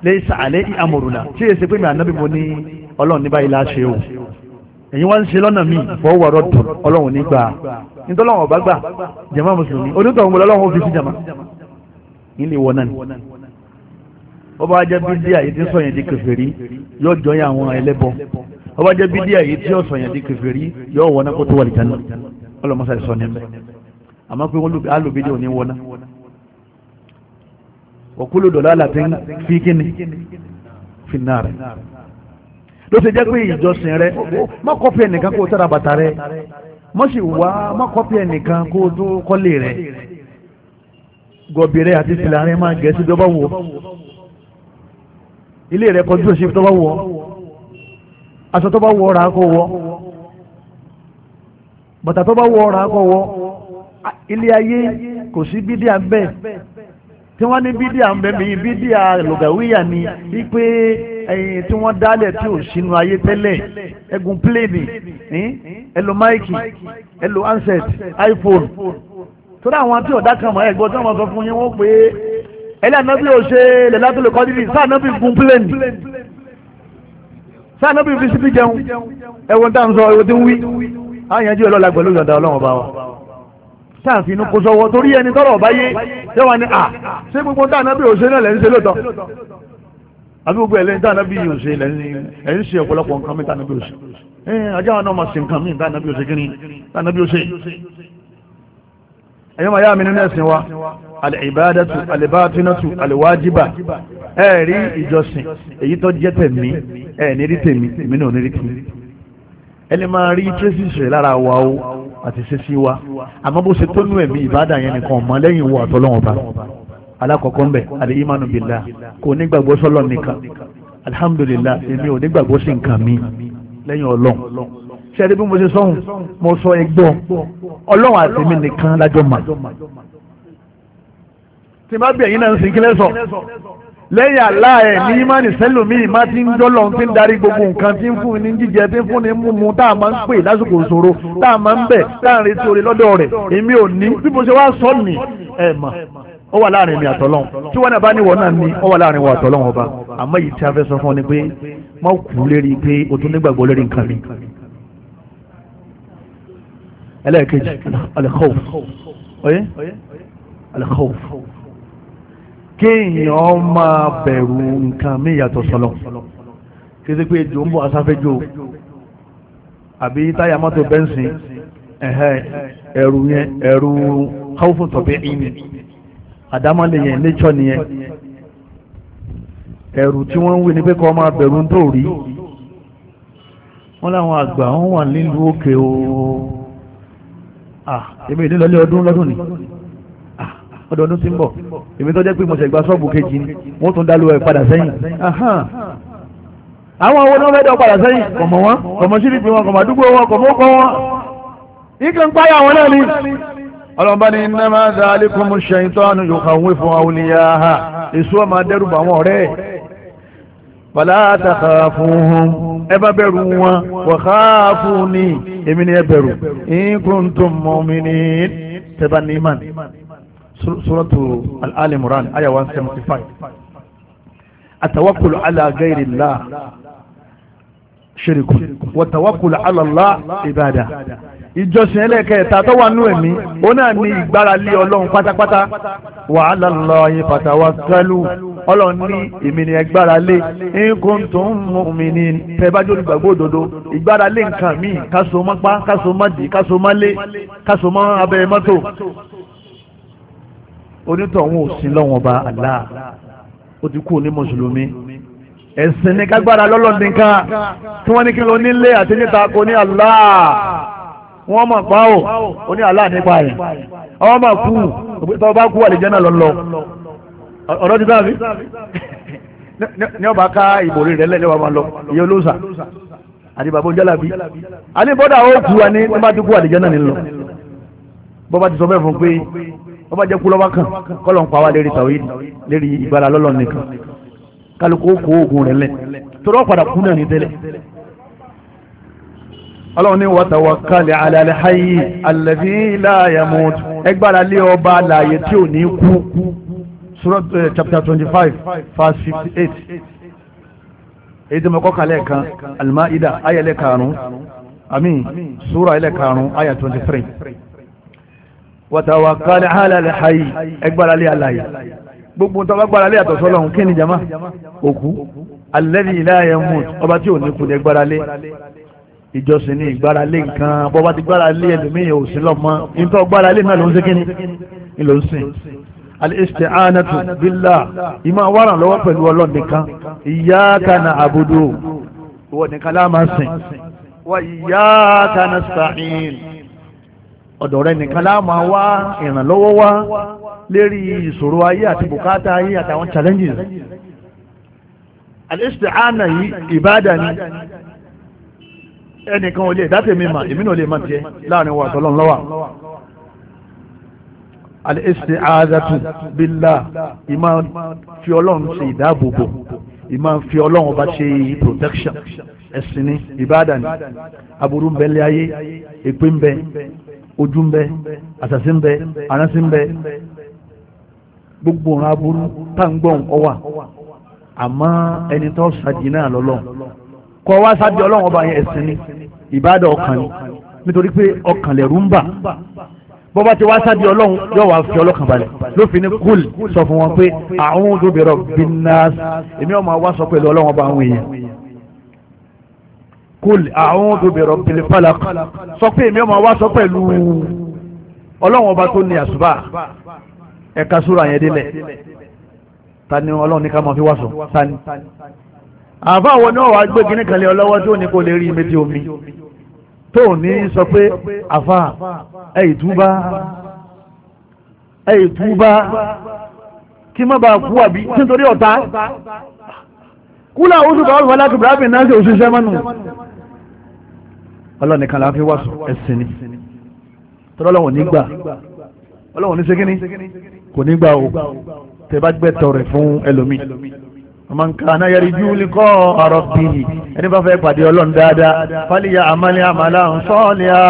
Speaker 1: lẹ́sà àlẹ́ àmọ̀rúnà tí èsì pé mi ànábì mo ní ọlọ́run ní báyìí láṣẹ o èyí wá ń ṣe lọ́nà míì fọwọ́ rọ́dù ọlọ́run nígbà nítọ́lọ́run ọ̀bá gbà jàmá mùsùlùmí onítọ̀hún bọ̀ lọ́lọ́run fi sí jàmá nílé wọ náà ni ọba ajẹ́ bídíà yìí tí ń sọ̀yàn di kèfèrí yóò jọyìn àwọn ẹlẹ́bọ ọba ajẹ́ bídíà yìí tí yóò sọ̀yàn di kèfèrí yóò wọ náà kó tó wà lìjánu ọlọ́mọsá ìsọ ní ẹ̀mẹ́ náà òkúlù dọ̀lá àlàtí ló jẹ́ pé ìjọsìn rẹ má kọ́pì ẹnìkan kó o bàtà rẹ má sì wá má kọ́pì ẹnìkan kó o rẹ gọ̀bì àti fìlà máa gẹ̀ ilé rẹ kọjú òṣèlú wọ aṣọ wọ kó wọ bàtà wọ kó wọ ilé ayé kò sí bídíà bẹ́ẹ̀ tí wọ́n ní bídíà ẹ̀yìn tí wọ́n dálẹ̀ tí ò sínú ayé tẹ́lẹ̀ ẹgùn pléènì ẹlò máìkì ẹlò handset iphone tó dá àwọn tí ọ̀dá kan mọ̀ ẹ̀gbọ́n tí wọ́n sọ fún yín wọ́n pé ẹlẹ́ ànábì ò ṣe lẹ́lá tó lè kọ́ dídì sáà ànábì gun pléènì sáà ànábì fi síbi jẹun ẹ̀wọ̀n tá à ń sọ ẹ̀wọ̀n tí ń wí àyànjú ẹ̀ lọ́la pẹ̀lú ìyọ̀ǹda ọlọ́run ọba wa táàfin inú kó sọ́wọ́ torí ẹni tọ́rọ̀ ọ̀báyé yẹ́wà ni à ṣé gbogbo dáná bí òṣèré náà lẹ́ ń ṣe lóòótọ́ àbí gbogbo ẹ̀lẹ́yìn tí ànábì yìí ò ṣe ẹ̀yìn ṣe ọ̀pọ̀lọpọ̀ nǹkan mi tí ànábì ò ṣe ẹ̀yìn ajá wọn náà máa ṣe nǹkan mi tí ànábì ò ṣe kíni tí ànábì ò ṣe ẹ̀yọ́ máa yá mi nínú ẹ̀sìn wa alìbádàtù alìbátínàtù alìwájíbà ẹ̀ rí ìjọsìn èyí tó jẹ́ tẹ̀mí ẹ̀ nírí tèmi èmi náà nírí tèmi ẹni máa rí traces rẹ̀ lára wa o àti ṣe sí wa àmọ́ bó ṣe tó nú ẹ̀mí ìbádà yẹn nìkan mọ́ lẹ́yìn wo àtọ́lọ́wọ́n ba alákọ̀ọ́kọ́ ń bẹ̀ alìyímánu bìlá kò nígbàgbọ́ sọ́lọ̀ nìkan alhamdulillah èmi ò nígbàgbọ́ sí nǹkan mi lẹ́yìn ọlọ́run ṣe ẹni bí mo ṣe sọ́hun mo sọ ẹgbọ́n ọlọ́run àti mi nìkan lájọ́ mà tí má bí ẹ̀yin náà ń sìn kílẹ̀ sọ lẹ́yìn aláàẹ̀ ní ìmánì sẹ́lòmí ìmá tí ń jọ́lọ̀ tí ń darí gbogbo nǹkan tí ń fún ní jíjẹ tí ń fún ní mímu tá a máa ń pè lásìkò ìṣòro tá a máa ń bẹ̀ tá a o retí lọ́dọ̀ rẹ̀ èmi ò ní bí mo ṣe wá sọ ní ẹ̀ mà ó wà láàrin mi àtọ́lọ́hún tí wọ́n náà bá níwọ̀ náà ni ó wà láàrin wọ àtọ́lọ́hún ọba àmọ́ èyí tí a fẹ́ sọ fún ọ ni pé má kú lérí pé o tún nígbàgbọ́ lérí nǹkan mi. ẹlẹ́ẹ̀kejì al-khawf ọyẹ al-khawf kéèyàn máa bẹ̀rù nǹkan mi yàtọ̀ sọlọ kí pé jò ń bọ̀ asáfẹ́jọ́ àbí táyà mọ́tò bẹ́ǹsì ẹ̀rù yẹn ẹ̀rù khawfu tabi'i àdámọ́ lè yẹn nature nìyẹn ẹ̀rù tí wọ́n ń wí ni pé kọ́ máa bẹ̀rù tó rí wọ́n láwọn àgbà wọ́n wà nílùú òkè o ah èmi ìdí lọlé ọdún lọ́dún ni ah ọdọọdún tí ń bọ̀ èmi tó jẹ́ pé mo ṣe gba ṣọ́ọ̀bù kejì ni wọ́n tún dálú ẹ̀ padà sẹ́yìn àwọn owó náà fẹ́ẹ́ dọ̀ padà sẹ́yìn kọ̀mọ̀ wọn kọ̀mọ̀ sílípì wọn kọ̀mọ̀ àdúgbò wọn kọ̀mọ̀ kọ́ wọn ìkànnì páyà wọn náà ni ọlọ́ba ní nàmá zalikum shaytanu yukhawifu awliyaha èso ọmọ dẹ́rù bá wọn ọ̀rẹ́ fala takhafuhum ẹ bá bẹ̀rù wọn wa khafuni èmi ni ẹ bẹ̀rù in kuntum mu'minin tẹ́bà ní imán suratu al-ali imran aya one seventy five atawakkulu ala ghayri Allah shirku wa ìjọsìn ẹlẹ́kẹ̀ẹ́ta tó wà nú ẹ̀mí ó náà ní ìgbára lé ọlọ́run pátápátá wa ala Allahi fatawakkalu ọlọ́run ní èmi ni ẹgbára lé in kuntum mu'minin tẹ́bájú olùgbàgbọ́ òdodo ìgbára lé nǹkan míì káso mọ́pá káso mọ́dì káso mọ́lé káso mọ́ abẹ́ mọ́tò onítọ̀hún ò sin lọ́wọ́n ọba Allah ó ti kú ní mùsùlùmí ẹ̀sìn ní kágbára lọ́lọ́ nìkan
Speaker 2: tí wọ́n ní kí ló nílé àti níta kò ní Allah
Speaker 1: wọ́n mọ̀ pa ó ó ní aláà nípa rẹ̀
Speaker 2: ọwọ́ máa kú tó bá kú àlejò náà lọ́lọ́
Speaker 1: ọ̀rọ̀ ti sáàbí ní ọba ká ìbòrí rẹ̀ lẹ́ni ọba máa lọ iye olóòsà àti bàbá oúnjẹ làbí a ní bọ́dà ó kú wa ní tó bá ti kú àlejò náà nílọ bọ́ba ti sọ bẹ́ẹ̀ fún pé ọba jẹ́ kú lọ́wọ́ kan kọ́lọ̀ ń pa wá lérí tàwí lérí ìgbàlá lọ́lọ́ nìkan kálukú kó oògùn rẹ̀ lẹ̀ tó padà kú náà ní tẹ́lẹ̀ ọlọ́run ní watawakkal ala al-hayy alladhi la yamut ẹgbàrá lé ọba láàyè tí ò ní kú surat eh, chapter twenty five verse fifty eight èyí tí mo kọ́ kalẹ̀ kan al-Ma'idah ayẹlẹ karùn-ún àmín sura ayẹlẹ karùn-ún ayẹ twenty three watawakkal ala al-hayy ẹgbàrá lé àlàyé gbogbo tó bá gbára lé àtọ̀sọ́lọ́hún kí ni jama òkú alladhi la yamut ọba tí ò ní kú ní ẹgbàrá lé ìjọsìn ní ìgbáralé nǹkan bọ́bá ti gbáralé ẹlòmíyàn ò sí lọ́mọ nǹkan gbáralé náà ló ń sékíní ni ló ń sìn al-isti'anatu billah ìmọ̀ wàràn lọ́wọ́ pẹ̀lú ọlọ́run nìkan iyyaka na'budu ìwọ nìkan láàmà sìn wa iyyaka nasta'in ọ̀dọ̀ rẹ nìkan láàmà wá ìrànlọ́wọ́ wá lérí ìṣòro ayé àti bùkátà ayé àtàwọn challenges al-isti'ana yìí ìbádà ni ẹnìkan ò lè dá tèmi mà èmi náà lè má tiẹ̀ láàrin wa àtọ́lọ́n lọ́wọ́ al-isti'azatu billah ìmá fi ọlọ́run ṣe ìdáàbòbò ìmá fi ọlọ́run ọba ṣe protection ẹ̀sìn ni ìbáàdà ni aburú ń bẹ lé ayé èpè ń bẹ ojú ń bẹ àṣàṣì ń bẹ gbogbo ọ̀ràn aburú tá ọwà àmọ́ ẹni tó ṣàjìnnà lọ́lọ́run kọ́ wá sábẹ́ ọlọ́run ọba yẹn ẹ̀sìn ni
Speaker 2: ìbádọ̀ ọkàn ni
Speaker 1: nítorí pé ọkàn lẹ̀rú ń bà bọ́bá ti wá sábẹ́ ọlọ́run yóò wá fi ọlọ́kàn balẹ̀ lófin ní kúl sọ fún wọn pé a'udhu bi rabbin nas èmi ọmọ wa sọ pẹ̀lú ọlọ́run ọba àwọn èèyàn kúl a'udhu bi rabbil sọ pé èmi ọmọ wa sọ pẹ̀lú ọlọ́run ọba tó ní àṣùbà ẹ̀ka súra yẹn délẹ̀ ta ni ní ká máa fi wá sọ ta ni àbá àwọn náà wàá gbé gíní kan lé ọlọ́wọ́ tó ní kò lè rí méjì omi tó ní sọ pé àfà ẹ̀yìn túbá ẹ̀yìn túbá kí má bàa kú àbí nítorí ọ̀tá kúlà oṣù kan wà láti bìrábìn náà sí òṣìṣẹ́ mọ́nu ọlọ́nìkan láfi wà sùn ẹ̀sìn ni tọ́lọ́wọ̀n nígbà ọlọ́wọ̀n ní ṣe kíní kò nígbà o tẹ bá gbẹ́tọ̀ rẹ̀ fún ẹlòmíì man kana yarju liqa rabbih ẹni bá fẹ́ pàdé ọlọ́run dáadáa fálíyà àmàlẹ́ àmàlà ń sọ́ọ̀lẹ́à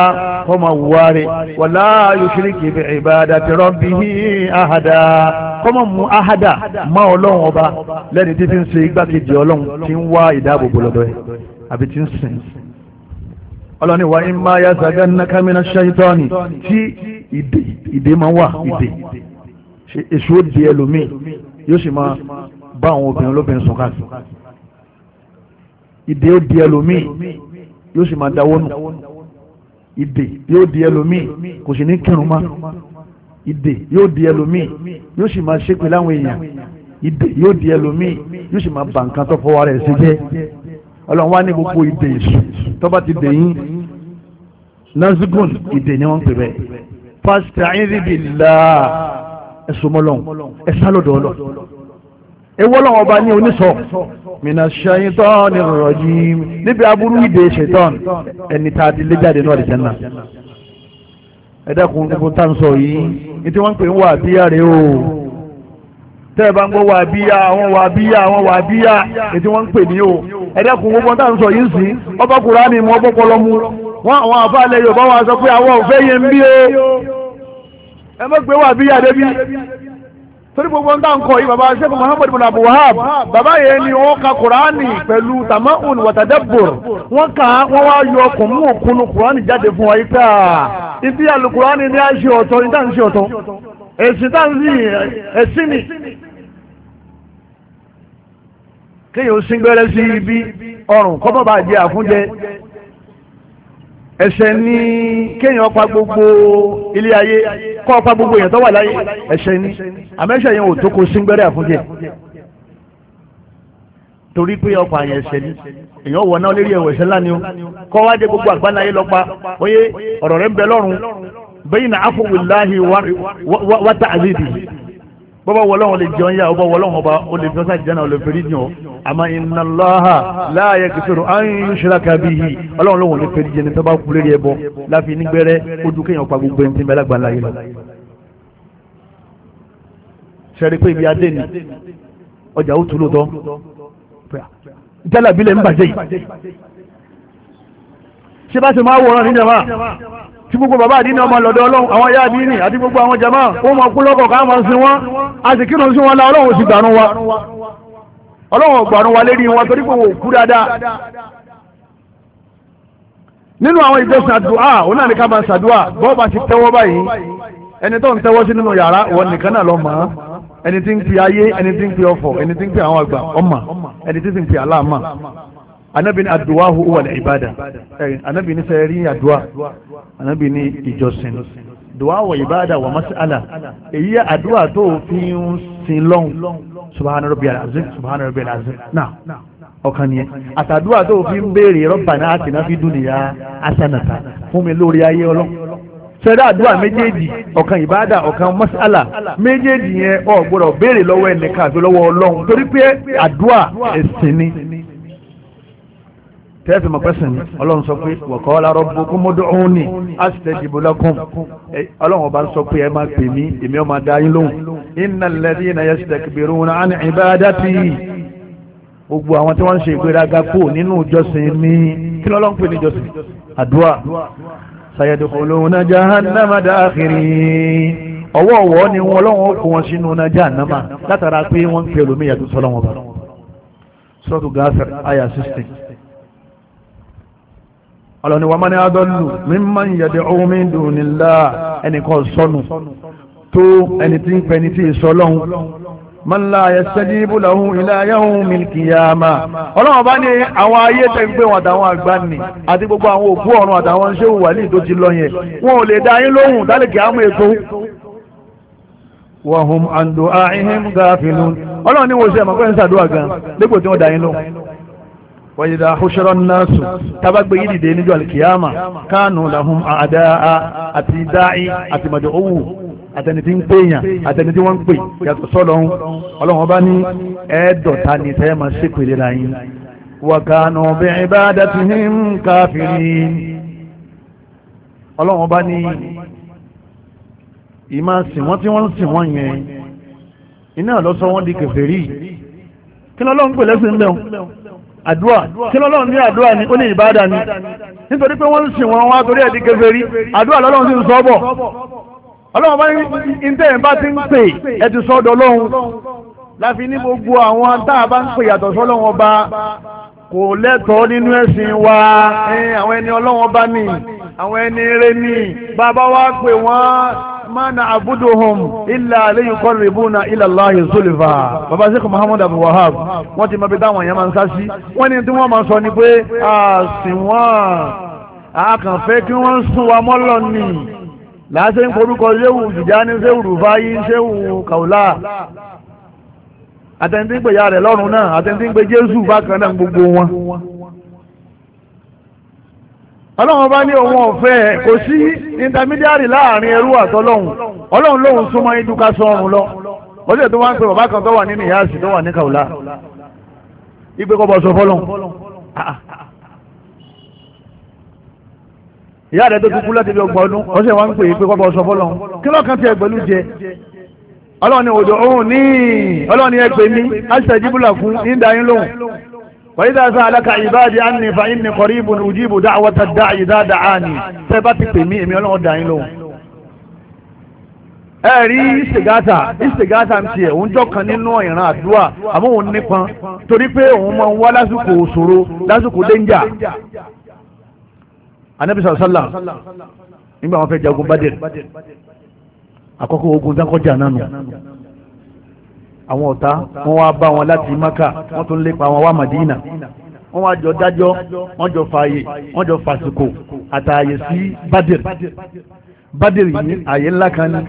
Speaker 1: kọ́mọ wùwárẹ̀ wala yushriki ti ibadati rabbih ahada kọ́mọ mu ahada má ọlọ́run ọba lẹ́ni tí ti ń ṣe igbákejì ọlọ́run tí ń wá ìdáàbòbò lọ́dọ̀ ẹ̀ àbí ti ń sìn. ọlọ́ni wa imma yasaganaka mina shaitani tí ìdè ìdè máa wà ìdè yóò sì máa bá àwọn obìnrin olóbìnrin sùn káàkiri ìdè ó di ẹlòmíì yóò sì máa dáwọ́ nù ìdè yóò di ẹlòmíì kò sì ní kírun mọ́ ìdè yóò di ẹlòmíì yóò sì máa ṣépè láwọn èèyàn ìdè yóò di ẹlòmíì yóò sì máa bà nǹkan tó fọwọ́ rẹ̀ sí jẹ́ ọlọ́run wá ní gbogbo ìdè èṣù ti dè yín nazigun ìdè ni wọ́n ń pè bẹ́ẹ̀ pásítà ẹ̀rín bìlá ẹ̀sùn mọ́lọ́hún ẹ̀sán lọ́dọọlọ́ ewọ́ lọ́wọ́ ọba ní oníṣọ́ mina shaytani rajim níbi aburú ìdè ṣetán
Speaker 2: ẹni tá a ti lé jáde náà lè jẹ́ náà
Speaker 1: ẹ dákun kó tá n sọ yìí ní tí wọ́n ń pè ń wà bíyà rẹ o tẹ́ ẹ bá ń gbọ́ wà bíyà àwọn wà bíyà àwọn wà bíyà ní tí wọ́n ń pè ní o ẹ dákun gbogbo tá n sọ yìí sí ọba Kùránì mú ọgbọ́ pọlọ mu wọn àwọn àfáàlẹ̀ Yorùbá wọn sọ pé àwọn ò fẹ́ yẹn bí o ẹ má gbé wà bíyà torí gbogbo ń dáǹkọ baba sẹ́kù muhammadu bin abu wahab baba yẹn ni wọ́n ka kuraani pẹ̀lú tamahun watadabur wọ́n kà á wá yọ ọkùn mú òkun kuraani jáde fún wa yìí pé ah, ibi ni a ṣe ọ̀tọ̀ ní táǹsì ọ̀tọ̀ èsì táǹsì èsì ni kéèyàn ó síngbẹ́rẹ́ sí ibi ọrùn kọ́mọ́ ẹ̀ṣẹ̀ ni kéèyàn pa gbogbo ilé ayé kọ́ pa gbogbo èèyàn tó wà láyé ẹ̀ṣẹ̀ ni àmẹ́ṣẹ̀ yẹn ò tó kó síngbẹ́rẹ́ àfúnjẹ torí pé ọkọ̀ àyàn ni náà gbogbo àgbáláyé lọ́pa ọrọ rẹ ń bẹ náà wá bọ́bá wọ lọ́wọ́ lè jẹun yá ọbọ̀ wọ lọ́wọ́ ọba ó lè fẹ́sà jẹ́nà ó lè fẹ́rí jẹun àmọ́ inna Allaha la yaghfiru an yushraka bihi ọlọ́run lọ́wọ́ lè fẹ́rí jẹni tó bá kú lérí ẹbọ láfi nígbẹ́rẹ́ ó dún kéèyàn pa gbogbo ẹni tí mẹ́lá gbà láyé lọ. sẹ́rí pé ibi adé ni
Speaker 2: ọjà ó tu lóòótọ́
Speaker 1: jálàbí ń bàjẹ́ yìí ṣé bá ṣe máa wọ̀ràn níjàmbá tí gbogbo bàbá àdínì ọmọ lọ́dọ̀ ọlọ́run àwọn ayé àdínì àti gbogbo àwọn jama ó mọ kú lọ́kọ̀ ká máa sin wọn a sì kírun sí wọn la ọlọ́run sì gbàrún wa ọlọ́run gbàrún wa lérí wọn torí pé wọn ò kú dáadáa nínú àwọn ìjọsìn àdúrà òun náà ní ká máa ṣàdúrà bọ́ọ̀ bá ti tẹ́wọ́ báyìí ẹni tó ń tẹ́wọ́ sí nínú yàrá wọn nìkan náà lọ́mọ ẹni tí ń pe ayé ẹni tí ń pe ọ̀fọ̀ ẹni tí ń pe àwọn àgbà ọmọ ẹni tí ń pe aláàmà anábì ní àdúwà huwa al-ibada anábì ní sẹ́yẹ rí àdúwà anábì ní ìjọsìn dùwà wà ìbáda wà mas'ala èyí àdúwà tó fi ń sin lọ́hùn subhana rabbiyal azim subhana rabbiyal azim náà ọkàn ni àtàdúwà tó fi ń béèrè rabbana atina fid dunya hasanatan fún mi lórí ayé ọlọ́run sẹ́dá àdúrà méjèèjì ọ̀kan ìbáàdà ọ̀kan mọ́sálà méjèèjì yẹn ò béèrè lọ́wọ́ ẹnìkan àti lọ́wọ́ ọlọ́run torí pé àdúrà ẹ̀sìn ni tẹ́ẹ̀fì mọ̀pẹ́sìn ni ọlọ́run sọ pé waqala rabbukum ud'uni astajib lakum ọlọ́run ọba sọ pé ẹ máa pè mí èmi ọmọ adá yín lóhùn innal ladhina yastakbiruna an ibadati gbogbo àwọn tí wọ́n ń ṣe ìgbéraga kú nínú ìjọsìn mi kí lọ́lọ́ ń pè ní ìjọsìn àdúrà sayadkhuluna jahannama dakhirin ọwọ́ ọ̀wọ́ ni wọn ọlọ́run ó kó wọn sínú náà jahannama látara pé wọ́n ń pè lómi yàtọ̀ ọlọ́ni wàá mọ́ni adọ́lù mímọ́ ìyàdẹ̀ ohun mi dùn nílá ẹnìkan sọnù tó ẹni tí ń pẹ́ ní tí ì sọ lọ́hùn mọ́nlá ayẹsẹ́dí búláhùn ilẹ̀ ayáhùn mílíkìyàmá ọlọ́run bá ní àwọn ayé tẹ̀ ń pè wọ́n àtàwọn àgbà nì àti gbogbo àwọn òkú ọ̀run àtàwọn ṣéwù wàlíì tó ti lọ yẹn wọn ò lè dá yín lóhùn dálẹ́kì àmú ètò wọ́n hùm àǹdó àìhìn gáfìlún ọlọ́run ní wọ́n ṣe àmọ́ pé ń ṣàdúrà gan dípò tí wọ́n dá yín lóhùn wàyídà ahúṣọ́rọ́ náàsù tábàgbé yìí dìde níjọ́ alkiyama káànù làhùn àdáa àti dáì àti màdì owó àtẹni tí ń pèèyàn àtẹni tí wọ́n ń pè yàtọ̀ sọ́lọ́hún ọlọ́run ọba ní ẹ̀ẹ́dọ̀ta ní tẹ́ máa ṣèpèrè láyín wàkànù bí ibadatihim káfírin ọlọ́run ọba ní ìmá sìn wọ́n tí wọ́n ń sìn wọ́n yẹn iná lọ́sọ wọ́n di kèfèrí kí lọ́lọ́run pè lẹ́sìn bẹ́ẹ̀ àdúrà kí lọ́lọ́run ní àdúrà ni ó ní ìbáadà ni
Speaker 2: nítorí pé wọ́n ń sìn wọn wá torí ẹ̀dí kèfèrí àdúrà lọ́lọ́run sì ń sọ bọ̀
Speaker 1: ọlọ́run bá ń tẹ̀ ń bá ti ń pè ẹ ti sọ́dọ̀ ọlọ́run láfi ní gbogbo àwọn tá a bá ń pè yàtọ̀ sọ́lọ́run ọba kò lẹ́tọ̀ọ́ nínú ẹ̀sìn wa àwọn ẹni ọlọ́run ọba ni àwọn ẹni rẹ ni bàbá wa pè wọ́n ma na'buduhum illa liyuqarribuna ila Allahi zulfa baba sheikh Muhammadu abu wahab wọ́n ti mọ bí táwọn èèyàn máa ń sá sí wọ́n ní tí wọ́n máa sọ ni pé àsìn wọn àkànfẹ́ kí wọ́n sún wa mọ́lọ́ ni láti ń forúkọ ṣéwù Tijani ṣéwù rúfáyí ṣéwù kàùlà àtẹ̀ntí ń pè ya rẹ̀ lọ́rùn náà àtẹ̀ntí ń pè jésù náà gbogbo wọn ọlọ́run bá ní òun ọ̀fẹ́ kò sí intermediary láàrin ẹrú àtọlọ́hun ọlọ́run lóhun súnmọ́ ìdúkà sọ́run lọ wọ́n sì tó wá ń pè bàbá kan tó wà nínú ìyá àsì tó wà ní kàwùlà ìgbé kọ́ bọ̀ sọ fọ́lọ́hun ìyá rẹ̀ tó ti kú láti bí ọgbọ̀n ọdún ó sì wá ń pè ìgbé kọ́ bọ̀ sọ fọ́lọ́hun kí lọ́kàn tiẹ̀ pẹ̀lú jẹ ọlọ́run ni òjò òun ní ọlọ́run ni ẹ pè mí àṣìṣẹ́ ìdíbùlà fún ìdáyín lóhùn وإذا سألك عبادي عني فإني قريب أجيب دعوة الداعي إذا دعاني سبب تمي إمي الله دعين له ẹ̀rí ìṣègáta ìṣègáta ti ẹ̀ òun jọ́kan nínú ìran àdúrà àmọ́ òun nípọn torí pé òun máa ń wá lásìkò òṣòro lásìkò dénjà anabi sàlọ́sàlà nígbà wọn fẹ́ jagun Badr àkọ́kọ́ ogun dákọ́jà náà nù àwọn ọ̀tá wọ́n wá bá wọn láti maka wọ́n tún lépa wọn wá madina wọ́n wá jọ dájọ́ wọ́n jọ fààyè wọ́n jọ fàsìkò àtààyè sí badir badir yìí àyè ńlá kan ní.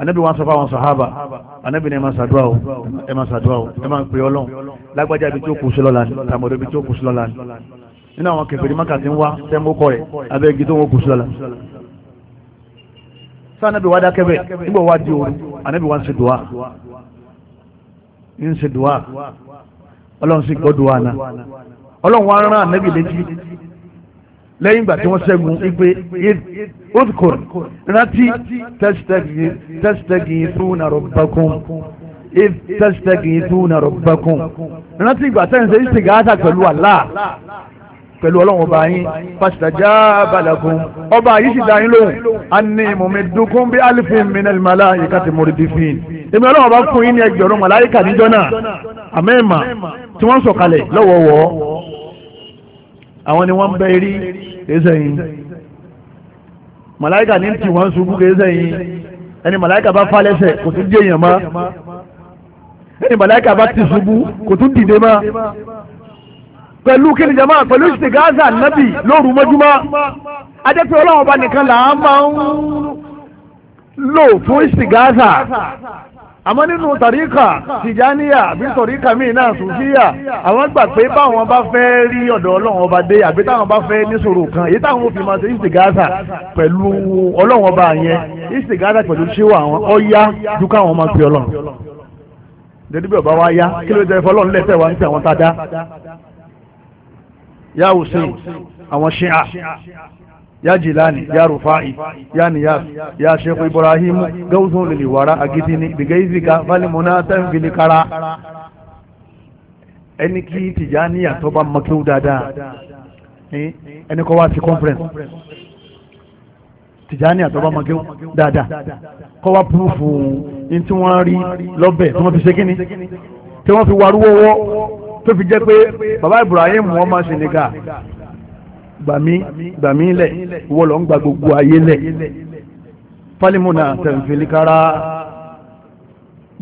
Speaker 1: anabi wọn sọ fáwọn sọhábà anabi ní ẹ máa ṣàdúrà o ẹ máa ṣàdúrà o ẹ máa pè Ọlọ́run lágbájá ibi tí ó kù sí lọ́la ni tàmọ̀dọ̀ ibi tí ó kù sí lọ́la ni nínú àwọn kẹfẹ́ ní maka ti ń wá tẹ́mọ́kọ rẹ̀ abẹ́gi tó ń kù sí lọ́la sanabi wa dakẹbẹ nígbà wa di ooru anabi wa ń ṣe duwa ń ṣe duwa ọlọ́run sì gbọ́ duwa náà ọlọ́run wa rán anabi létí lẹ́yìn ìgbà tí wọ́n ṣẹ́gun igbe othkor rántí tẹ́sítẹ́gì ìtúnà rọ̀bákún tẹ́sítẹ́gì ìtúnà rọ̀bákún rántí ìgbà tẹ́sítẹ́gì ìtúnà rọ̀bákún rántí ìgbà tẹ́sítẹ́gì ìtúnà
Speaker 2: rọ̀bákún
Speaker 1: pẹ̀lú ọlọ́run ọba yín fastajaba lakum ọba yìí sì dá yín lóhùn anni mumiddukum bí alifin minal malaikati murdifin èmi ọlọ́run ọba fún yín ní ẹgbẹ̀rún màláyíkà níjọ́ náà àmẹ́ẹ̀mà tí wọ́n sọ̀kalẹ̀ lọ́wọ́wọ́ àwọn ni wọ́n bẹ eré kẹsẹ̀yìn màláyíkà ní tì wọ́n ṣubú kẹsẹ̀yìn ẹni màláyíkà bá falẹ̀sẹ̀ kò tún dé èèyàn mọ́ ẹni màláyíkà bá ti ṣubú kò tún dìde mọ́ pẹ̀lú kí ni jama pẹ̀lú Gaza nábì lóru mọ́júmọ́ ajẹ́pẹ́ ọlọ́run bá nìkan là á máa ń lò fún ìsìgáàzà àmọ́ nínú tàríkà tìjáníyà àbí tàríkà míì náà sùfíà àwọn gbà pé báwọn bá fẹ́ rí ọ̀dọ̀ ọlọ́run ọba dé àbí táwọn bá fẹ́ níṣòro kan èyí táwọn fi máa ṣe ìsìgáàsà pẹ̀lú ọlọ́run ọba yẹn ìsìgáàsà pẹ̀lú ṣíwà àwọn ọ̀yá ju káwọn máa pe ọlọ́run. dèdè ọba wa yá kí ló jẹ́ ìfọlọ́run lẹ́sẹ̀ wa ń tẹ̀ àwọn tá a dá ya hussein àwọn ṣíà ya jilani ya rufa'i ya niyas ya sheikh ibrahim gauzo liliwara a gidini bigaizika falimunatan bilikara ẹni kí tìjàníyà tó bá mọ́kíw dada, ẹni kọ́ wá sí conference tìjàníyà tó bá mọ́kíw dáadáa kọ́ wá púrúfù ní tí wọ́n rí lọ́bẹ̀ tí wọ́n fi ṣe kíni tí wọ́n fi wárúwọ́wọ́ tó fi jẹ́ pé bàbá Ibrahim wọn máa ṣe nìkan gbàmí gbàmí lẹ̀ wọ́n lọ ń gba gbogbo ayé lẹ̀ fálímùnà tẹ̀m̀fìlìkara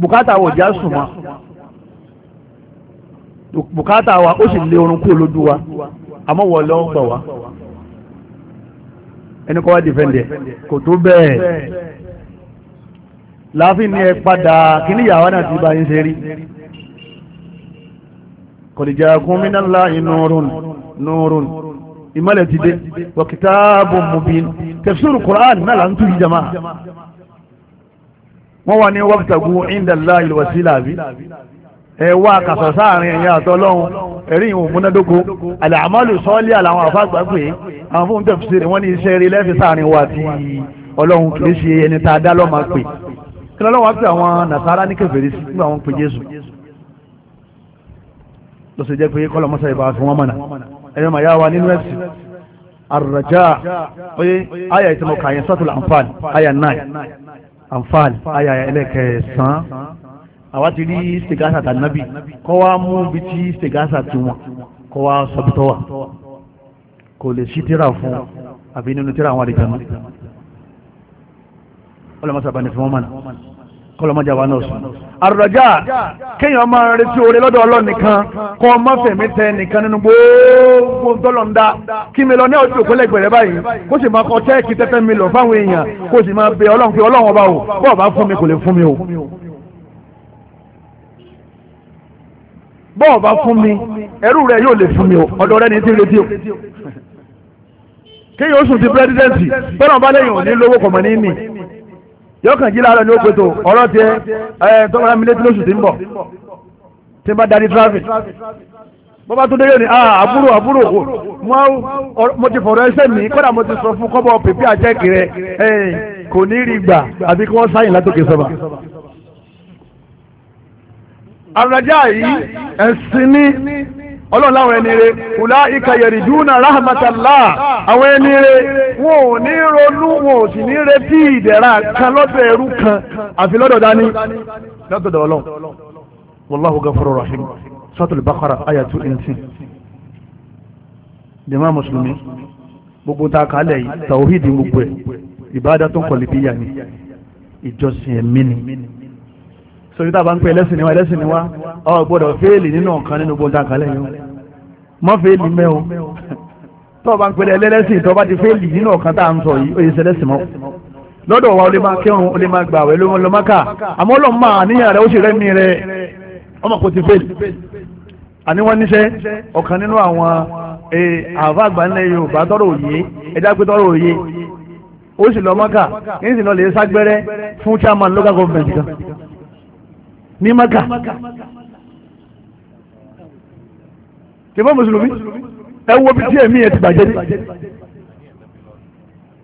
Speaker 1: bùkátà wọ̀ já sùn wọn bùkátà wa ó sì lé orun kúrò lójú wa àmọ́ wọ́n lọ ń gbà wá ẹni kọ́ wá dìfẹ́ǹdẹ̀ kò tó bẹ́ẹ̀ láàfin ni ẹ padà kí ni yàrá náà ti bá yín ṣe rí kọ̀dìjà kúnmínàlá nurun nurun ìmọ̀lẹ̀ ti dé wa kitabun mubin tafsir Qur'an náà là ń tú ìjàmá wọ́n wà ní wabtagu inda Allahi al-wasila bi ẹ wá kàṣà sáàrin ẹ̀yà àtọ́lọ́hún ẹ̀rí ìwọ̀n múnádóko àlàmọ́lù sọ́ọ́lì àlàwọn àfáàgbà pé àwọn fún tafsir wọ́n ní iṣẹ́ rí lẹ́fẹ̀ẹ́ sáàrin wa ti ọlọ́run kì í ṣe ẹni tá a dá lọ́ọ́ máa pè kí lọ́wọ́ pé àwọn nàṣàrà ní kèfèrí sí nígbà wọn Jésù tó ṣe jẹ́ pé kọ́lọ̀ mọ́sá ìbá fún wọn mọ̀nà ẹ̀yọ́ màá yá wa nínú ẹ̀sìn àrùràjá oye àyà ìtìmọ̀ kàyẹn sọ́tù àǹfààní àyà náà àǹfààní àyà ẹlẹ́kẹ̀ẹ́sán àwa ti rí stegasa tànàbì kọ́ wa mú bi tí stegasa ti wọn kọ́ wa sọ́bítọ́ wa kò lè ṣí tíra fún àbí nínú tíra àwọn àdìjọ́ náà ọlọ́mọsá bá ní fún wọn mọ̀nà kọlọmọjà wa náà sùn. àrùdàjà kéèyàn máa retí oore lọ́dọ̀ ọlọ́run nìkan kọ́ ọ má fẹ̀mí tẹ nìkan nínú gbogbo tọ́lọ̀ ń da kí mi lọ ní ọjọ́ òkú lẹ́gbẹ̀rẹ́ báyìí kó sì máa kọ chẹ́ẹ̀kì tẹ́tẹ́ mi lọ fáwọn èèyàn kó sì máa bẹ ọlọ́run pé ọlọ́run ọba o bọ́ọ̀ bá fún mi kò lè fún mi o. bọ́ọ̀ bá fún mi ẹrú rẹ yóò lè fún mi o ọ̀dọ̀ rẹ ní ti retí o kéèyàn ó sùn ti pírẹ́sidẹ́ǹtì tọ́lọ̀ bá lẹ́yìn òní lówó kọ̀mọ̀ ní ní yóò kàn jí láàárọ̀ ní òpètò ọ̀rọ̀ tiẹ̀ ẹ̀ tọ́kọ̀rọ̀ mi létí lóṣù tí ń bọ̀ tí n bá darí traffic bó bá tún dé yóò ní àbúrò àbúrò mo ti fọ̀rọ̀ ẹsẹ̀ mi kódà mo ti sọ fún kọ́bọ̀ pèpè àjẹkì rẹ kò ní rí gbà àbí kí wọ́n sáyìn látòkè sọ́ba. àrùn ajá yìí ẹ̀sìn ní ọlọ́run láwọn ẹni rẹ kùlá ìkàyẹ̀rì dúnà rahmatallá àwọn ẹni rẹ wọn ò ní ronú wọn ò sì ní retí ìdẹ̀ra kan lọ́dọ̀ ẹrú kan àfi lọ́dọ̀ dání lọ́dọ̀ ọlọ́run wàláhu gafúrò rahim sọ́tò lùbákàrà ayatu ẹ̀ǹtì jàmá mùsùlùmí gbogbo ta kálẹ̀ yìí tàwíìdì gbogbo ẹ̀ ìbádà tó kọ̀lì bíyà ni ìjọsìn ẹ̀mí ni sórí tábà ń pè ẹlẹ́sìn ni wá ẹlẹ́sìn ni wá ọ gbọ́dọ̀ fẹ́ẹ̀lì nínú ọ̀kan nínú gbogbo àkàlẹ̀ yẹn mọ́ fẹ́ẹ̀lì mẹ́o tó bá ń pè ẹlẹ́sìn tó bá ti fẹ́ẹ̀lì nínú ọ̀kan tá à ń sọ yìí ó yẹ sẹlẹ́sìn mọ́ lọ́dọ̀ wa ó lè máa kírun ó lè máa gbà wẹ́ ló ń lọ Mákà àmọ́ lọ́n máa níyàn rẹ̀ ó sì rẹ́mi rẹ̀ ọmọ kò ti fẹ́ẹ̀lì àní wọ́n níṣẹ́ ọ̀kan nínú àwọn e, àfa àgbà ńlẹ̀ Yorùbá tọrọ òye ẹja pé tọrọ òye ó sì lọ ní sì lọ lè ságbẹ́rẹ́ fún chairman local government kan ní maka tìmọ̀ mùsùlùmí ẹ wo bí díẹ̀ mí ẹ ti bàjẹ́ dé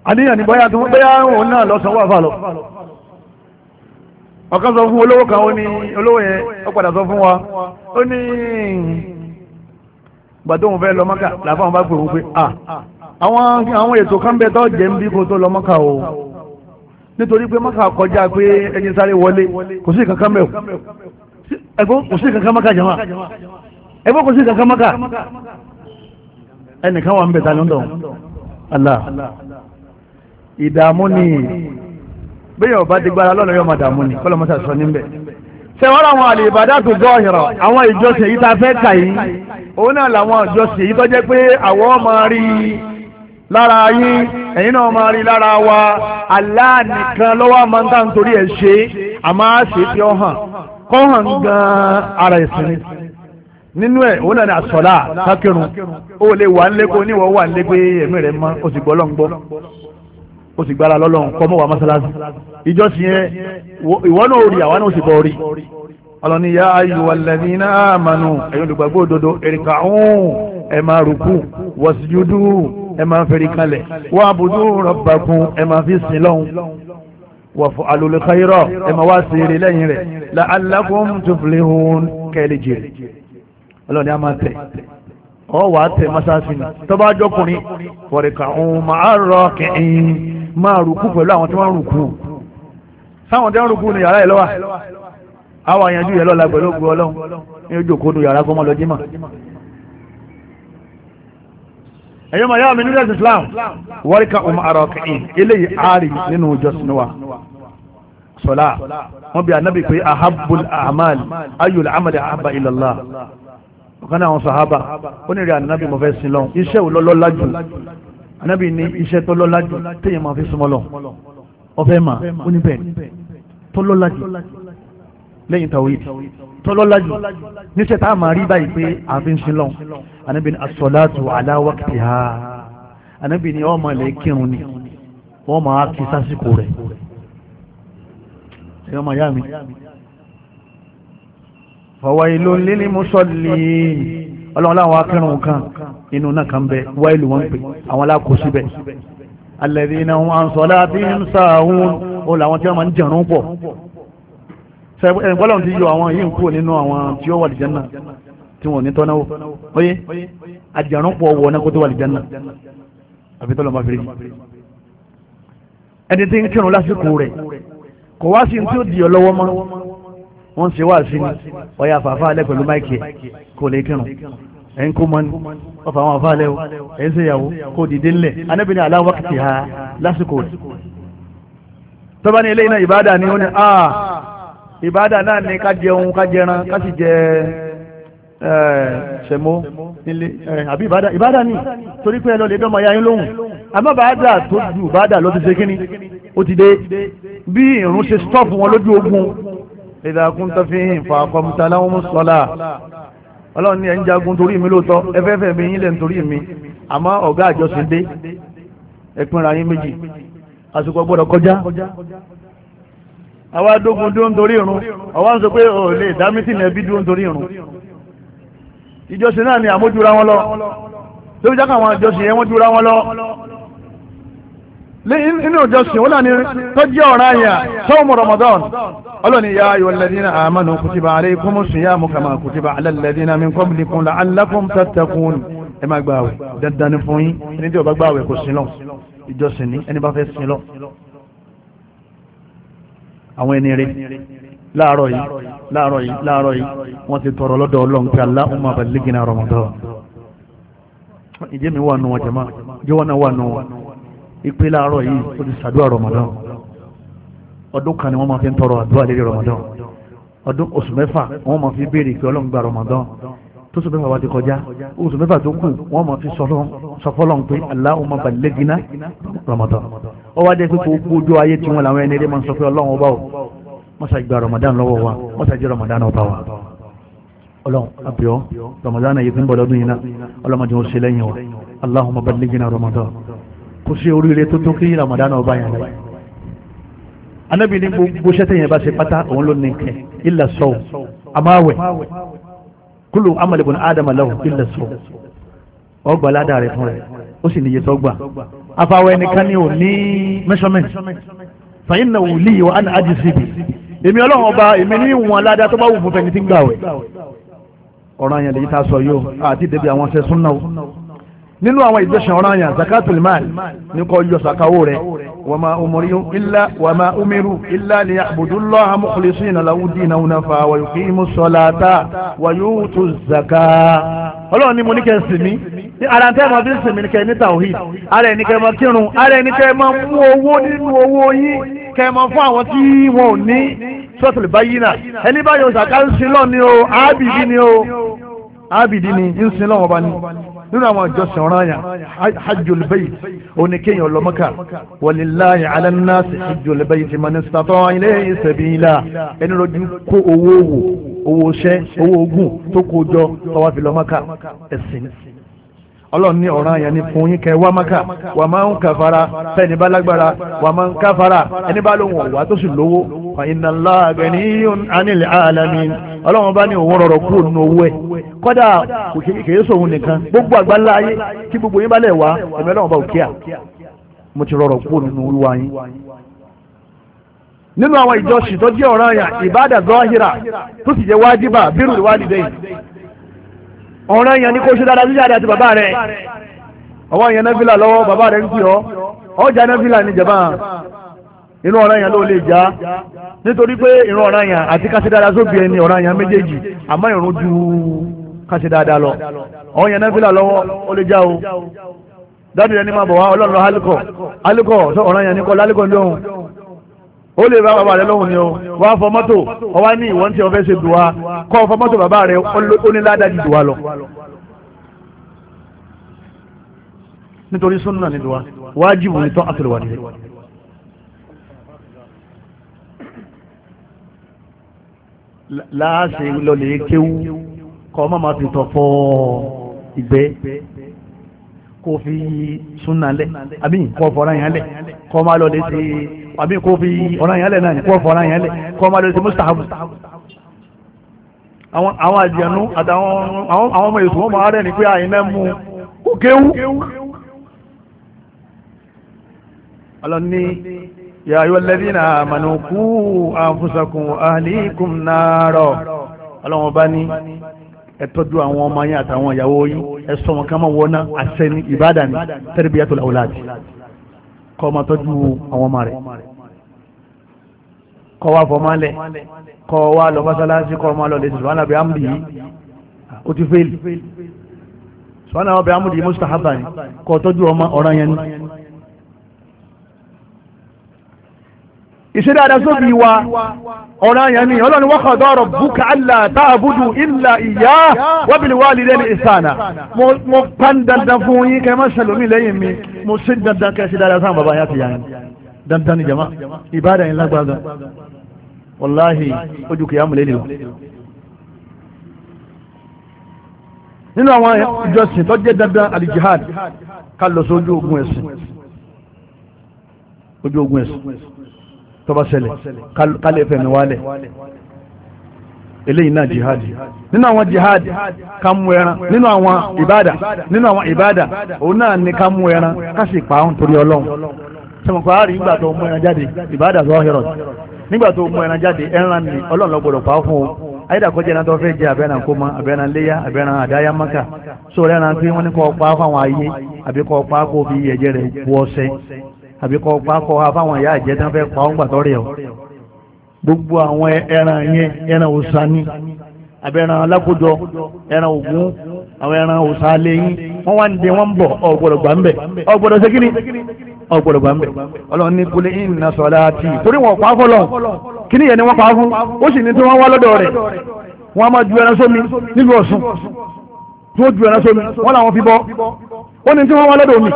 Speaker 1: àníyàn ní bóyá tó bóyá òun náà lọ sanwó àfà lọ ọ̀kan sọ fún olówó kan ó ní olówó yẹn ó padà sọ fún wa ó ní ìgbà fẹ́ lọ maka làbáwọn bá pè wọ́n pé à àwọn ètò kan bẹ tó jẹ́ ń bí kó tó lọ maka o nítorí pé mọ́kà kọjá pé ẹni sáré wọlé kò sí kankan mẹ́wò ẹ̀gbọ́n kò sí kankan mọ́kà jama ẹ̀gbọ́n kò sí kankan mọ́kà ẹnìkan wà ń bẹ̀ta lọ́dọ̀ Allah ìdààmú ni bẹ́ẹ̀ ọba ti gbára lọ́nà yóò máa dààmú ni kọ́lọ́ mọ́tà sọ níbẹ̀ sẹ́wọ́n àwọn àlèbàdà tó gbọ́ ọ̀hìnrọ̀ àwọn ìjọsìn yìí ta fẹ́ kà yìí òun náà làwọn ìjọsìn yìí tọ́jẹ́ pé àwọn máa rí i lára yín ẹ̀yin náà máa rí lára wa aláàníkan lọ́wọ́ máa ń dá nítorí ẹ̀ ṣe àmọ́ á ṣe tí ó hàn kọ́ hàn gan-an ara ìsinmi nínú ẹ̀ òun náà ni àsọ̀lá kákẹ́rùn ó lè wà ń lẹ́kọ́ níwọ̀ wà ń lẹ́gbẹ́ ẹ̀mí rẹ̀ mọ́ ó sì gbọ́ lọ́n gbọ́ sì gbára lọ́lọ́run kọ́ mọ́ wà mọ́sálásí ìjọsìn yẹn ìwọ náà rí àwa náà ó sì bọ́ rí ọlọ́ni yá ayùwàlẹ́ni náà mànú ẹ̀yìn olùgbàgbọ́ òdodo èrìkà ọ̀hún ẹ máa rùkú wọ̀síjúdú ẹ máa fẹ̀rí kalẹ̀ wọ́n àbùdú rọ̀bàkún ẹ máa fi sin lọ́hún wọ̀fọ̀ alùlùkọ́yìrọ̀ ẹ máa wá sí eré lẹ́yìn rẹ̀ la alákùn tuflihun kẹ́lí jèrè ọlọ́ni a máa tẹ̀ ọ wà á tẹ̀ masáàsì ni tọ́ba jọkùnrin wọ̀rìkà máa rọ kẹ́hìn máa rùkú pẹ̀lú àwọn tí wọ́n rùkú sáwọn tí wọ́n rùkú ni yàrá ìlọ́wà àwọn àyànjú yẹ lọ́la pẹ̀lú ògùn ọlọ́run ní ojú òkúnu yàrá kọ́mọ lọ jímọ̀ ẹ̀yọ́ màá yá mi nílẹ̀ Islam wọ́ríkà ọmọ ara ọkùnrin eléyìí àárín nínú ìjọsìn wa sọlá wọn bí anábì pé ahabul amal ayul amal ahaba ilallah ọ̀kan náà àwọn sàhábà ó ní rí anábì mo fẹ́ sin lọ iṣẹ́ ò lọ́lọ́lá jù anábì ní iṣẹ́ tó lọ́lá jù téèyàn máa fi súnmọ́ lọ ọ̀fẹ́ mà ó ní bẹ́ẹ̀ tó lọ́lá jù lẹ́yìn tawhid tọ́lọ́lájú níṣẹ́ tá a máa rí báyìí pé àfi ń sin lọ́n anábì ní as-salatu ala waqtiha anábì ní ọmọ ilẹ̀ kírun ni wọ́n máa kí sásìkò rẹ̀ ẹ̀yọ́ máa yá mi. fawailun lil musallin ọlọ́run láwọn akẹ́rùn kan inú náà kan bẹ wáìlú wọn pè àwọn alákòó síbẹ̀ alladhina hum an salatihim sahun ó làwọn tí wọ́n máa ń jẹ̀rún pọ̀ ẹ̀gbọ́lọ́n ti yọ àwọn yìí ń kúrò nínú àwọn tí ó wà lìjánà tí wọ́n ní tọ́náwó oyé àjàrún pọ̀ wọ̀ náà kó tó wà lìjánà àbí tọ́lọ̀ máa fèrè ẹni tí ń kírun lásìkò rẹ̀ kò wá sí tí ó di ọlọ́wọ́ mọ́ wọ́n ṣe wá sí ni ọ̀yà àfààfà alẹ́ pẹ̀lú máìkì kò lè kírun ẹ̀yin kó mọ́ni ọ̀fà àwọn àfààlẹ́ o ẹ̀yin ṣe ìyàwó kò dìde ńlẹ̀ anábìnrin aláwọ̀ kìtì ha lásìkò rẹ̀ tọ́ba ní ilé iná ìbáàdà ni ó ní ah, ìbádà náà ni ká jẹun ká jẹran ká sì jẹ ṣẹ̀mó nílé àbí ìbádà ìbádà ni torí pé ẹ lọ lè dọ́mọ ya yín lóhùn àmọ́ bàádà tó ju bàádà lọ ti ṣe kíní ó ti dé bí ìrún ṣe stọ́ọ̀fù wọn lójú ogun ìdàkùn tó fi hìn fà kọ́mùtà láwọn sọ́lá ọlọ́run ní ẹ̀ ń jagun torí mi lóòótọ́ ẹfẹ́fẹ́ mi yín lẹ̀ ń torí mi àmọ́ ọ̀gá àjọsìn dé ẹ̀pinra yín méjì àsìkò gbọ́dọ̀ kọjá àwa dógun dúró nítorí irun àwa ń sọ pé ò lè dá mítìnì ẹbí dúró nítorí irun ìjọsìn náà ni àmójúra wọn lọ tó fi jákà àwọn ìjọsìn yẹn wọ́n júra wọn lọ inú ìjọsìn wọn láni tó jẹ́ ọ̀rọ̀ àyà sọ́ọ̀mù Ramadan ọlọ́ni ya ayọ̀ lẹ́dínà àmánu kùtìbà àrẹ kúmù síyàmù kàmà kùtìbà alẹ́ lẹ́dínà mi kọ́ bìlìkún la alákùn tàtàkùn ẹ má gbààwẹ̀ dandan ni fún yín ẹni tí ó bá gbààwẹ̀ kò sí lọ ìjọsìn ni ẹni bá fẹ́ sí lọ àwọn ẹni rẹ̀ láàárọ̀ yìí láàárọ̀ yìí láàárọ̀ yìí wọ́n ti tọrọ lọ́dọ̀ ọlọ́run pé Allahumma ballighna Ramadan ìjẹ́ mi wà nù wọn jẹ̀mọ́ jẹ́wọ́n náà wà nù wọn ìpè láàárọ̀ yìí ó ti ṣàdúrà Ramadan ọdún kan ni wọ́n máa fi ń tọrọ àdúrà lérí Ramadan ọdún oṣù mẹ́fà wọ́n máa fi béèrè pé ọlọ́run gba Ramadan tó sọ mẹ́fà wá ti kọjá oṣù mẹ́fà tó kù wọ́n mọ̀ fi sọfọ́lọ́n pé Allahumma ballighna Ramadan ó wá dé pé gbogbo ojú ayé tí wọ́n làwọn ẹni rí máa ń sọ pé ọlọ́run ọba o wọ́n ṣàgbà Ramadan lọ́wọ́ wa wọ́n ṣàjẹ́ Ramadan ọba wa ọlọ́run àbíọ́ Ramadan yìí fi ń bọ̀ lọ́dún yìí náà ọlọ́mọdé ó ṣe lẹ́yìn wa Allahumma ballighna Ramadan kò sí kúlù amàlẹ̀bùn ádámà lọ́wọ́ ilẹ̀ sọ ọgbà ládàá rẹ̀ fún rẹ̀ ó sì níye sọgbà afáwọ ẹnìkan ni o ní measurement fàyín náà wùlí ìwà àná ájì síbi èmi ọlọ́run ọba èmi ní ìwọ̀n aládàá tó bá wù fún fẹni tí ń gbà wẹ̀ ọ̀ràn yẹn lèyí tá sọ yóò àti ìdẹ́bi àwọn ṣẹ́ súnnáwó nínú àwọn ìjọsìn ọ̀ràn yàn zakatul mal ní kò yọ sàkáwó rẹ̀ wa ma umiru illa wa ma umiru illa liya'budullaha mukhlisina lahu dinahu hunafa wa yuqimus salata wa yutuz zakah ọlọ́run ní mo ní kẹ́ ń sinmi ní ara tẹ́ mọ bí ń sinmi ní kẹ́ ní tawhid ara ẹni kẹ́ mọ kírun ara ẹni kẹ́ mọ mú owó nínú owó yín kẹ́ mọ fún àwọn tí wọn ò ní sọ́tùlù báyìí náà ẹni nínú àwọn àjọsìn ọ̀ràn yàn hajjul bayt oníkéyàn lọ Mẹ́kà walillahi ala nnasi hajjul bayt man istata'a ilayhi sabila ẹni lójú kó owó wò owó iṣẹ́ owó ogun tó kó jọ tọwọ́ fi lọ ẹ̀sìn ọlọ́run ní ọ̀ràn ni fún yín kẹ wá maka wà máa ń káfara fẹ́ni bá lágbára wà máa ń ẹni bá lóhùn ọ̀wá tó sì lówó 'anil 'alamin ọlọ́run bá ní òun rọrọ̀ kú òun owó ẹ̀ kọ́dà kìí sòun nìkan gbogbo àgbáńlá gbogbo yín bá lẹ̀ wá ẹ̀mí ọlọ́run bá òkè à mo ti kú òun yín nínú àwọn ìjọsìn tó jẹ́ ọ̀ràn ọ̀ràn yẹn ni kó ṣe dáadáa síjáde àti bàbá rẹ̀ ọwọ́ yẹn nẹ́fìlà lọ́wọ́ bàbá rẹ̀ ń fi ọ́
Speaker 2: ọjà nẹ́fìlà ní jẹ̀bá inú ọ̀ràn yẹn ló lè já nítorí pé ìrun ọ̀ràn yẹn
Speaker 1: àti káṣí dáadáa sóbì ẹni ọ̀ràn yẹn méjèèjì àmọ́ ìrun ju káṣí dáadáa lọ ọ̀ràn yẹn nẹ́fìlà lọ́wọ́ ó lè já o dáàbì rẹ̀ máa bọ̀ wá ọlọ́run lọ hálíkọ̀ hálíkọ̀ ọ̀ràn yẹn ní kọ́ lálíkọ̀ ń dóhùn ó lè bá bàbá rẹ lọ́hùn ni o wá fọ mọ́tò ọwá ní ìwọ́n tí wọ́n fẹ́ ṣe dùwà kọ́ fọ mọ́tò bàbá rẹ ó ní ládàá dùwà lọ. nítorí sunna ni dùwà wájibù ni tán àtúrò wà nílé. láàṣẹ lọlẹ̀ kéwú kọ́ ọmọ máa fi tọ̀ fọ ìgbẹ́ kó fi sunna lẹ̀ àbí kọ́ fọ́ra yẹn lẹ̀ kọ́ máa lọ lè àbí kó fi ọ̀ràn yẹn lẹ̀ náà kó fọ ọ̀ràn yẹn lẹ̀ kó máa lọ sí mustahabu àwọn àjẹnú àtàwọn àwọn ọmọ èso wọn máa rẹ̀ ní pé àyínná mú kó kéwú ọlọ́ni ya ayyuhal ladhina amanu qu anfusakum wa ahlikum nara ọlọ́wọ́n bá ní ẹ tọ́jú àwọn ọmọ yẹn àtàwọn ìyàwó yín ẹ sọ wọn ká máa wọ́n ná àṣẹ ní ìbádà ní tarbiyatul awlad kọ́ máa tọ́jú àwọn ọmọ rẹ̀ kọ́ wá fọmálẹ̀ kọ́ wá lọ mọ́sálásí kọ́ máa lọ lè sùn wánà bí amúdì yìí ó ti fẹ́ẹ̀lì sùn wánà bí amúdì yìí mustahaba ni kọ́ tọ́jú ọmọ ọ̀ràn yẹn ni. ìṣẹ́dáadá sóbi wa ọ̀rọ̀ àyàn ni ọlọ́run wa qada rabbuka alla ta'budu illa iyyah wa bil walidayni ihsana mo pan dandan fún yín kẹ́ ẹ má ṣẹlòmí lẹ́yìn mi mo ṣe dandan kẹ́ ẹ ṣe bàbá yá ti yá yín dandan ni jama ìbáda yín lágbága wàláhì ojú kìyàmù lé nìyọ. nínú àwọn ìjọsìn tó jẹ́ dandan alijihad ká lọ sí ojú ogun ẹ̀sìn. tó bá ṣẹlẹ̀ kálẹ̀ fẹ̀mí wálẹ̀ eléyìí náà jihad nínú àwọn jihad ká mú ẹran nínú àwọn ìbádà nínú àwọn ìbádà òun náà ni ká mú ẹran ká sì pa àwọn torí ọlọ́run sọmọkọ àárín nígbà tó mú ẹran jáde ni ọlọ́run ló pa á fún o ayédàkọjẹ tó fẹ́ jẹ abẹ́ran kó mọ abẹ́ran léyà abẹ́ran àdáyà mọ́kà sórí ẹran tí wọ́n ní kọ́ pa á fún àwọn ayé àbí kọ́ pa á kó fi àbí kọ́ pákọ́ afáwọn ìyá ìjẹ́ tán fẹ́ pa ọ́n gbàtọ́ rẹ̀ ọ́ gbogbo àwọn ẹran yẹn ẹran òsà ni àbẹ ẹran alákójọ ẹran ògún àwọn ẹran òsà alẹ́yìn wọ́n wá ń de wọ́n ń bọ̀ ọ̀gbọ̀dọ̀ ọ̀gbọ̀dọ̀ gbà ń bẹ̀ ọlọ́run ní kulẹ̀ torí wọn pa yẹn ni wọ́n pa fún ó sì ní tí wọ́n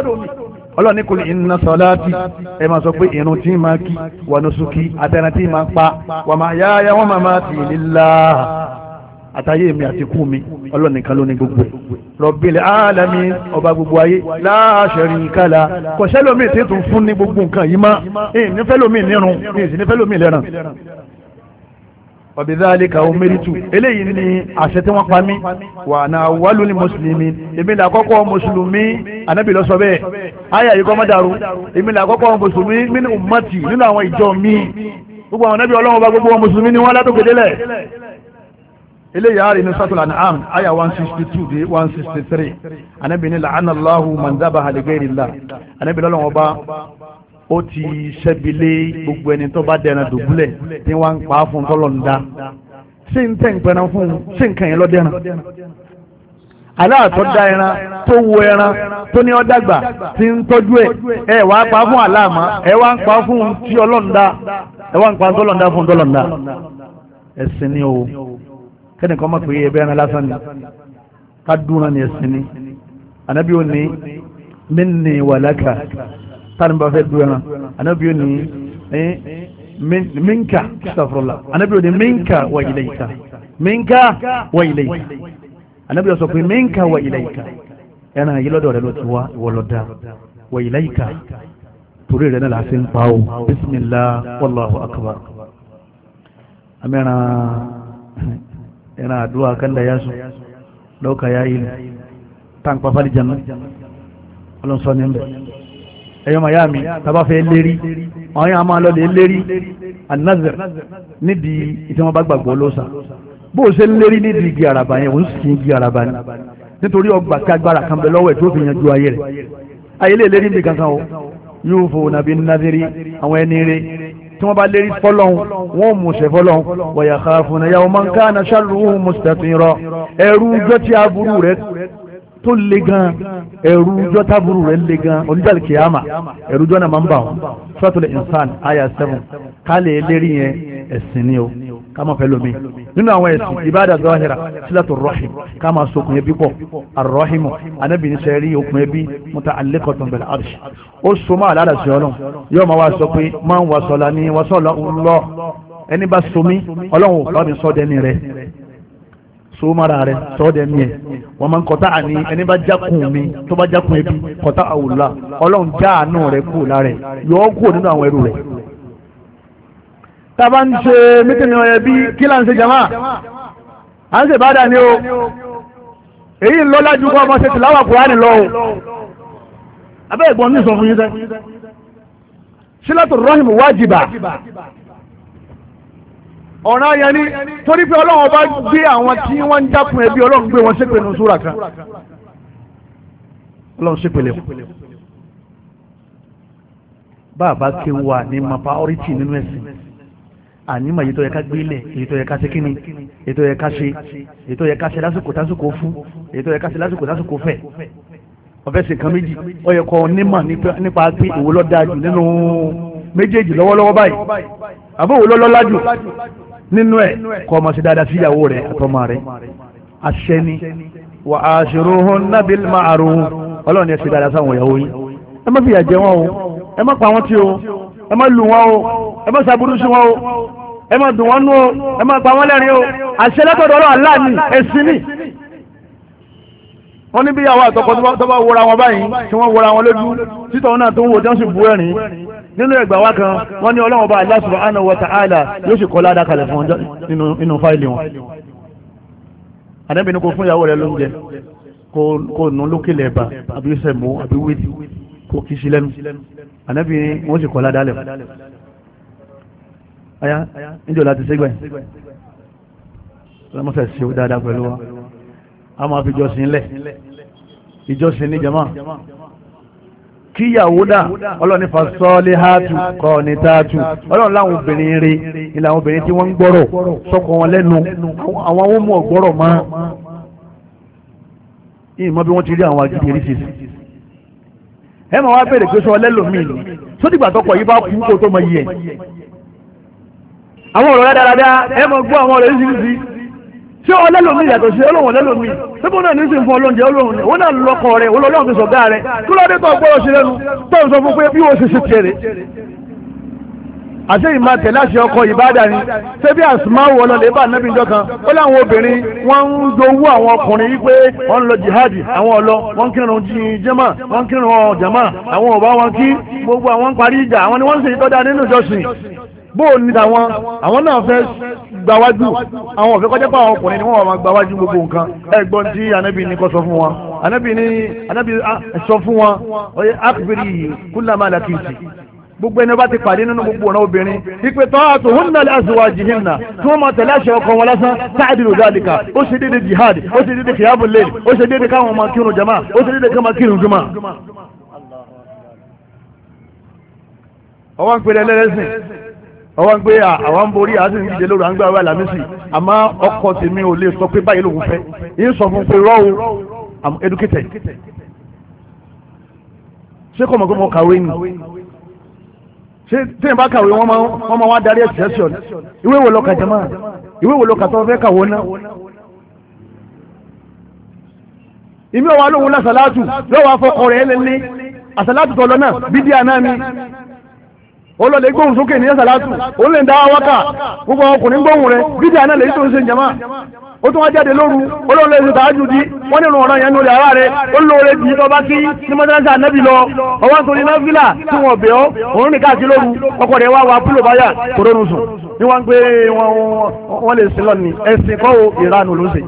Speaker 1: wá ọlọ́run ní kul inna salati ẹ máa sọ pé irun tí máa kí wa nusuki àtẹ̀rẹ̀ tí máa pa wa mahyaya wa mamati lillah àtàyè mi àti kú mi ọlọ́run ló ní gbogbo ẹ̀ rabbil ọba gbogbo ayé la sharika la kọ̀ṣẹ́lómi tí tún fún ní gbogbo nǹkan yìí má ẹ̀ nífẹ́ lómi nírun ẹ̀ sì nífẹ́ lómi lẹ́ràn ọ̀bìdálẹ́kà omeritu eléyìí ni àṣẹ tí wọ́n pa mí wà náà wàlú ní mùsùlùmí èmi là kọ́kọ́ mùsùlùmí ànábì ló sọ bẹ́ẹ̀ àyà yìí kọ́ èmi là kọ́kọ́ mùsùlùmí nínú ummati nínú àwọn ìjọ mi gbogbo àwọn ànábì ọlọ́run bá gbogbo wọn mùsùlùmí ni wọ́n látòkè délẹ̀ eléyìí àárín ní sátúlà ní àm àyà one sixty two dé one sixty three ànábì ní la'anallahu man dhabaha li ghayrillah ànábì lọ́lọ́run ọba ó ti ṣẹ́bilé gbogbo ẹni tó bá dẹran dùbúlẹ̀ tí wọ́n ń pa á fún tọ́lọ̀ ń da ṣé ń tẹ̀ ń pẹran fún un ṣé ń kàn yín lọ́dẹ̀ràn aláàtọ́ dá ẹran tó wo ẹran tó ní ọ́dàgbà tí ń tọ́jú ẹ̀ ẹ wá pa fún àláàmọ́ ẹ wá ń pa fún un tí ọlọ́ǹda ẹ wá ń pa tọ́lọ̀ǹda fún tọ́lọ̀ǹda ẹ̀sìn ni o kẹ́nìkan mọ̀ pé ẹbẹ́ ẹran lásán ni ká dúró ni ẹ̀sìn ni ànábì tani bá fẹ́ dúró náà anabi yóò minka sàfúrọ̀lá anabi yóò ní minka wa ilẹ̀ minka wa ilẹ̀ ìta anabi yóò sọ minka wa ilẹ̀ ìta ẹnà yìí lọ́dọ̀ rẹ̀ ló ti wá ìwọlọ́dà wà ilẹ̀ ìta torí rẹ̀ náà láti ń pa ó bismillah wallahu akbar amẹ́ran ẹ̀ràn àdúrà kẹ́lẹ̀ yá sùn lọ́kà yá ilẹ̀ tá à ń pa fàlìjànà ọlọ́sọ ní ń bẹ̀ ẹ̀yọ́ mayami tàbá fẹ́ lérí àwọn yẹn a máa lọ́lẹ̀ lérí anazir nídìí ìtẹ́wọ́n bá gbàgbọ́ lọ́sà bó o ṣe lérí nídìí igi araba yẹn òun sì kì í igi araba ni nítorí ọgbà kágbára kan bẹ lọ́wọ́ ẹ̀ tó fi yanjú ayé rẹ̀ ayé lè lérí níbi kankan o yóò fò nàbí naziri àwọn ẹni rẹ tí wọ́n bá lérí fọ́lọ́hún wọ́n ò mùsẹ̀ fọ́lọ́hún wọ̀yà káfùnà yàwó máa ń ká àná ṣàlùwò mùsùlùmí rọ ẹrú jọ́tí aburú rẹ̀ tó le gan ẹrú jọ tábúrú rẹ le gan oníjàlè kìyàmà ẹrú jọ náà máa ń bà wọn suratul insan aya seven kálẹ̀ eléri yẹn ẹ̀sìn ni o ká máa fẹ́ lomi nínú àwọn ẹ̀sìn ìbáàdà zahira silatu rahim ká máa so okùn ẹbí pọ̀ arrahimu anabi ní sẹ́rí okùn ẹbí muta'alliqatun bil arsh ó so máa lára sí ọlọ́run yóò máa wá sọ pé máa ń wàsọ̀lá ní wàsọ̀lá ọlọ́ ẹni bá somi ọlọ́run ò bá mi sọ́ dẹ́ni rẹ̀ sòmọ́ra rẹ̀ sọ́ọ́dẹ̀ mi ẹ̀ wọ́n máa ń kọ́tà àní ẹni bá jákun mi tó bá jákun ẹbí kọ́tà àwòlá ọlọ́run já àánú rẹ̀ kú lára ẹ̀ yọ ọ́ kú nínú àwọn ẹrù rẹ̀. tá a bá ń ṣe mítìnì ọ̀yẹ́ bí kí là ń ṣe jama à ń ṣe ìbádà ni o èyí ń lọ lájú kó ọmọ ṣe tìláwà kúránì lọ o abẹ́ ìgbọ́n ní ìsọfúnyí sẹ́ sílátù rọ́hìm wájibà ọ̀ràn ayẹni torí pé ọlọ́run bá gbé àwọn tí wọ́n ń dákun ẹbí ọlọ́run gbé wọn ṣépè nínú súra kan ọlọ́run ṣépè lè wọ́n bàbá kéwà ní ma priority nínú ẹ̀sìn ànímọ̀ èyí tó yẹ ká gbélẹ̀ èyí tó yẹ ká ṣe kíni èyí tó yẹ ká ṣe èyí tó yẹ ká ṣe lásìkò tásìkò fún èyí tó yẹ ká ṣe lásìkò tásìkò fẹ̀ ọ̀fẹ́ sì kan méjì ó yẹ kọ́ nímọ̀ nípa pé ìwọ ló dáa jù nínú méjèèjì lọ́wọ́lọ́wọ́ báyìí
Speaker 2: àbí ìwọ ló lọ́lá jù
Speaker 1: nínú ẹ̀ kọ́ ọmọ sí dáadáa sí ìyàwó rẹ̀ àtọmọ rẹ̀ àṣẹ ni wà á ṣòro hàn nábìlì máa àrùn ọlọ́run ni ẹ sì dáadáa sáwọn ìyàwó yín ẹ má fìyà jẹ wọn o ẹ má pa wọn tí o ẹ má lù wọn o ẹ má ṣàbùrú sí wọn o ẹ má dùn wọn nú o ẹ má pa wọn lẹ́rìn o àṣẹ lẹ́tọ̀dọ̀ ọlọ́run Allah ni ẹ̀sìn ni wọ́n ní bí àtọkọ tó bá wọra wọn báyìí tí wọ́n wọra wọn lójú títọ̀ nínú ẹgbà wá kan wọ́n ní ọlọ́run ọba Allah subhanahu wa ta'ala yóò sì kọ́ ládàá kalẹ̀ fún wọn nínú fáìlì wọn àdẹ́bìnrin kò fún ìyàwó rẹ̀ lóúnjẹ kò nù lókè lẹ́ẹ̀bà àbí sẹ̀mó àbí wíìtì kò kì í sí lẹ́nu àdẹ́bìnrin wọ́n sì kọ́ ládàá lẹ̀ aya níjọ́ láti ṣẹ́gbẹ̀ lọ́mọ́fẹ́ sí ó dáadáa pẹ̀lú wa a máa fi jọ́sìn jama kí ìyàwó náà ọlọ́ni fasọ́lé hátù kọ́ ní táàtù ọlọ́run láwọn obìnrin rẹ̀ ilẹ̀ àwọn obìnrin tí wọ́n ń gbọ́rọ̀ sọ́kọ wọn lẹ́nu àwọn ohun mọ̀ gbọ́rọ̀ máa ìmọ̀ bí wọ́n ti rí àwọn agídí eréṣẹ́sì ẹ máa wá bèrè pé sọ ọlẹ́lòmíì ni tó tọkọ yìí bá kú kó tó mọ yìí ẹ̀
Speaker 2: àwọn ọ̀rọ̀ dáadáa ẹ máa
Speaker 1: gbọ́ àwọn ọ̀rọ̀ ṣé ọlẹ́lòmí yàtọ̀ sí ọlọ́run ọlẹ́lòmí pípọ̀ náà ní sìn fún ọlọ́njẹ ọlọ́run ni òun náà lọkọ rẹ òun lọ́lọ́run fi sọ̀gá rẹ tó lọ́dẹ tó gbọ́dọ̀ sí lẹ́nu tó ń sọ fún pé bí wọ́n ṣe ṣe tiẹ̀ rẹ̀. àṣé ìmá àṣẹ ọkọ ìbáàdà ni ṣé bí àsùmáwò ọlọ́lẹ̀ bá ìjọ kan ó láwọn obìnrin wọ́n ń dowó àwọn ọkùnrin yìí pé ọlọ wọ́n kírun wọ́n kírun àwọn ọba wọn kí gbogbo bó o ní tàwọn àwọn náà fẹ́ gbawájú àwọn òfin kọjá pa àwọn ọkùnrin ni wọ́n máa gbawájú gbogbo nǹkan ẹ gbọ́n tí anabi ní kọ́ sọ fún wọn anabi ní anabi sọ fún wọn ọyẹ akubiri kúlámà làkìtì gbogbo ẹni bá ti pàdé nínú gbogbo ọ̀nà obìnrin ipe tọ́ àtò hún náà azuwa jihin na tí wọ́n máa tẹ̀lé àṣẹ ọkọ wọn lásán káàdì ló dáadìka ó ṣe déédéé jihad ó ṣe déédéé kìyàbù lè ó ṣe déédéé káwọn máa kírun jama ó ṣe déédéé káwọn máa kírun juma. ọwọ́n ń pèrè ẹlẹ́rẹ́sìn ọwọ́n gbé àwọn borí àti ìdíje lóru àgbà wà lámísì àmọ́ ọkọ tèmi ò lè sọ pé báyìí lòun fẹ́ yín sọ fún pé rọ́ọ̀ am educated ṣé kò mọ̀ pé mo kàwé ni ṣé téèyàn bá kàwé wọ́n máa wá darí ẹ̀sì ẹ̀sì ọ̀nà ìwé wo lọ́kà jẹ́ máa ìwé wo lọ́kà tó fẹ́ kàwé náà. ìmí ọ̀wá lòun lásàlátù lọ́wọ́ afọkọ rẹ̀ ẹlẹ́lẹ́ àsàlátù tọ̀lọ́ olóòlè gbóhùn sókè ní ẹsàlátù olóòlè ń dá wákà gbogbo ọkùnrin gbóhùn rẹ bíbí àná lè tó ń ṣe jama ó tún wá jáde lóru olóòlè ń sọta ájú di wọn ní ìrùn ọ̀ràn yẹn lórí ara rẹ olóòlè di ọba sí ní mọ́tàlásí ànábì lọ ọwọ́ nítorí náà fílà tí wọn bẹ̀ ọ́ òun ní káàkiri lóru ọkọ rẹ wá wa púlò báyà kò rọrùn sùn ni wọn gbé wọn lè sin lọ́ni ẹ̀sìn kọ́ o ìranù ló ń ṣe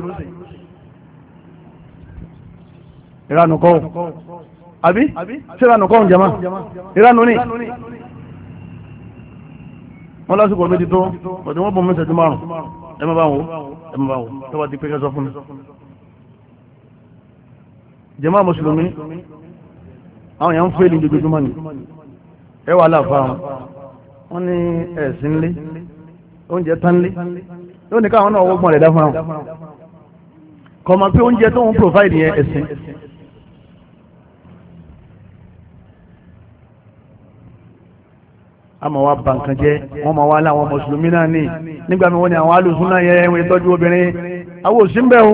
Speaker 1: ìranù kọ́ o
Speaker 2: àbí ṣé ìranù kọ́ o jama ni
Speaker 1: wọ́n lásìkò méjì tó bọ̀dé wọ́n bọ̀ mẹ́sẹ̀ tí márùn ẹ má bá wọn ẹ má bá wọn tó bá ti pé kẹsọ fún mi. jàmá mùsùlùmí àwọn èèyàn ń fẹ́ ní jojoojúmọ́ ni ẹ wà wọn ní ẹ̀sìn ńlé oúnjẹ tán lé ó ní káwọn náà wọ́gbọ̀n rẹ̀ dá fún àwọn kọ̀ọ̀mọ̀ pé oúnjẹ tó ń provide ẹ̀sìn a máa wá ba nǹkan jẹ́ wọ́n máa wá láwọn mùsùlùmí náà ní nígbà mi wọ́n ní àwọn alùsùn náà yẹ ẹ̀wọ̀n ìtọ́jú obìnrin àwọn òsì ń bẹ̀ o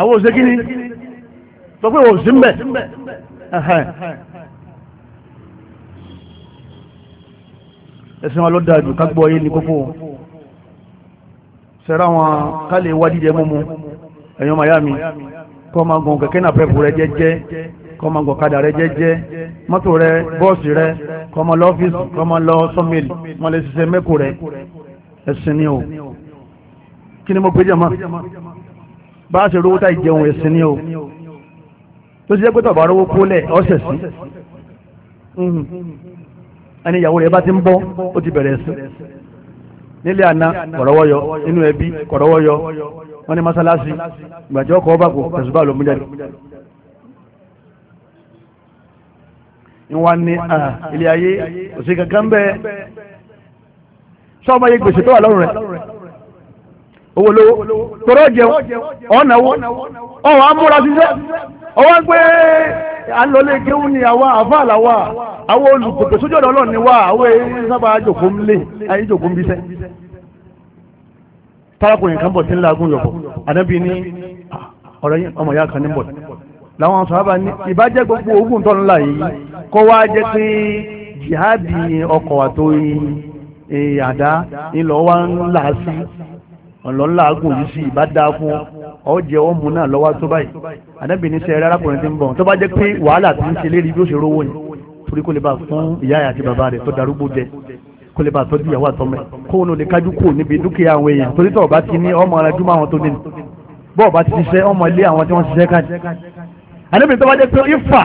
Speaker 1: àwọn òsì kíni sọ pé òsì ń bẹ̀ ẹ̀sìn wa ló dáa jù ká gbọ́ yé ní kókó sẹ́rà wọn ká lè wá jíjẹ mímu ẹ̀yọ́ mayami kọ́ máa gùn kẹ̀kẹ́ náà pẹ̀lú rẹ jẹ́jẹ́ kọmọ máa gbọ̀kadà rẹ jẹ́jẹ́ mọ́tò rẹ bọ́ọ̀sì rẹ kọ́ máa lọ lọ sọ́mìlì wọ́n lè ṣiṣẹ́ rẹ ẹ̀sìn ni o kí ni mo gbé jẹ̀mọ́ bá a ṣe rówó tá ìjẹun ẹ̀sìn ni o tó ṣe jẹ́ pé tọ̀bà rówó kólẹ̀ ọ̀sẹ̀ sí ẹni ìyàwó bá ti ń bọ́ ó ìwọ̀n ni ah, ilé ayé òsì kankan bẹ́ẹ̀ sọ́ọ́mọ yẹ gbèsè tó wà lọ́rùn rẹ̀ owó lówó tọrọ jẹun ọ̀nàwó ọ̀wọ́ amúra ṣiṣẹ́ ọwọ́ pé alọ́lé kéwú ni àwa àfáàlà wa àwọn olùkòkò sójú ọ̀dọ̀ ọlọ́ọ̀ni wa àwọn èyí sábà jòkó ń lé ayé jòkó ń bíṣẹ́ tárakùnrin kan bọ̀ sí ńlá agún yọ̀bọ̀ ànábì ní ah, ọ̀rọ̀ yín ọmọ ìyá kan ní bọ̀ làwọn sàhábà ní ìbájẹ́ gbogbo ogun tó ń yìí kọ́ wá jẹ́ pé jihadi ọkọ̀ àtò e, àdá ńlọ wá ń là sí ọ̀lọ́ ńlá agùn yìí sí ìbá dáa fún ọ jẹ́ ọ mú náà lọ́wọ́ tó báyìí àdẹ́bì ní sẹ́rẹ́ arákùnrin ti ń bọ̀ tó bá jẹ́ pé wàhálà ti ń ṣe lérí bí ó ṣe rówó ni torí kó lè bá fún ìyá àti bàbá rẹ̀ tó darúgbó jẹ kó lè bá tọ́jú ìyàwó àtọmọ kó wọn lè kájú kù níbi dúkìá àwọn èèyàn torí tọ̀ ti ní ọmọ ara àwọn tó ní bọ́ọ̀ bá ti ṣiṣẹ́ ọmọ ilé àwọn tí wọ́n ṣiṣẹ́ káàdì àníbi tó bá jẹ́ pé ifá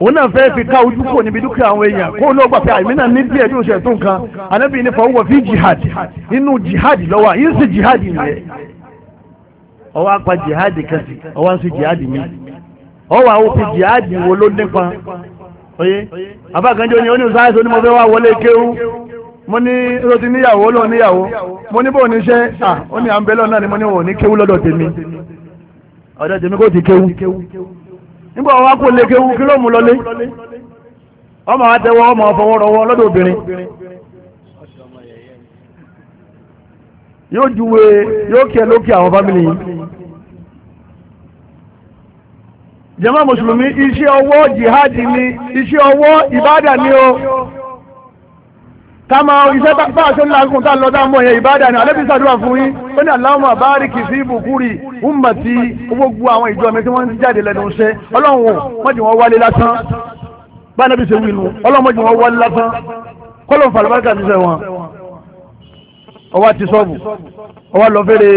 Speaker 1: òun náà fẹ́ fi ká ojú kò níbi dúkìá àwọn èèyàn kó ló gbà pé àìmí náà ní díẹ̀ bí o ṣe tó nǹkan àníbi nípa òun fi jihad inú jihad lọ́wọ́ yìí sì jihad yẹn ọwọ́ apá jihad kan sí ọwọ́ sí jihad mi ọwọ́ àwọn òfin jihad wo ló nípa oye
Speaker 2: abákanjọ ni oníṣáyẹsọ ni mo fẹ́ wá wọlé kéwú
Speaker 1: mo ní ló ti níyàwó ló níyàwó mo ní bó ní iṣẹ́ à ó ní àǹbẹ̀lọ́ náà ni mo ní wò ní kéwú lọ́dọ̀ tèmi ọ̀dọ̀ tèmi kò ti kéwú nígbà wọn wá kó lè kéwu kí ló mú lọlé ọmọ wa tẹwọ ọmọ fọwọrọwọ lọ́dọ̀ obìnrin yóò juwe yóò kẹ lókè àwọn fámìlì yìí jàmá mùsùlùmí iṣẹ́ ọwọ́ jihadi ni iṣẹ ọwọ́ ìbádà ni o. kama iṣẹ́ bá a ṣe ń lagún tá a lọ dáhùn ẹ̀yẹ ìbáda ni alẹ́bí sàdúrà fún yín ó ní Allahumma bárìkì sí ìbùkúrì ummati gbogbo àwọn ìjọ mi tí wọ́n ń jáde lẹ́nu iṣẹ́ ọlọ́run wọ́n jù wọ́n wálé lásán bá anábì ṣe wí nu ọlọ́run wọ́n jù wọ́n wálé lásán kọ́lọ̀ ń falùbáríkà níṣẹ́ wọn ọwọ́ ti sọ́ọ̀bù ọwọ́ lọ fẹ́rẹ̀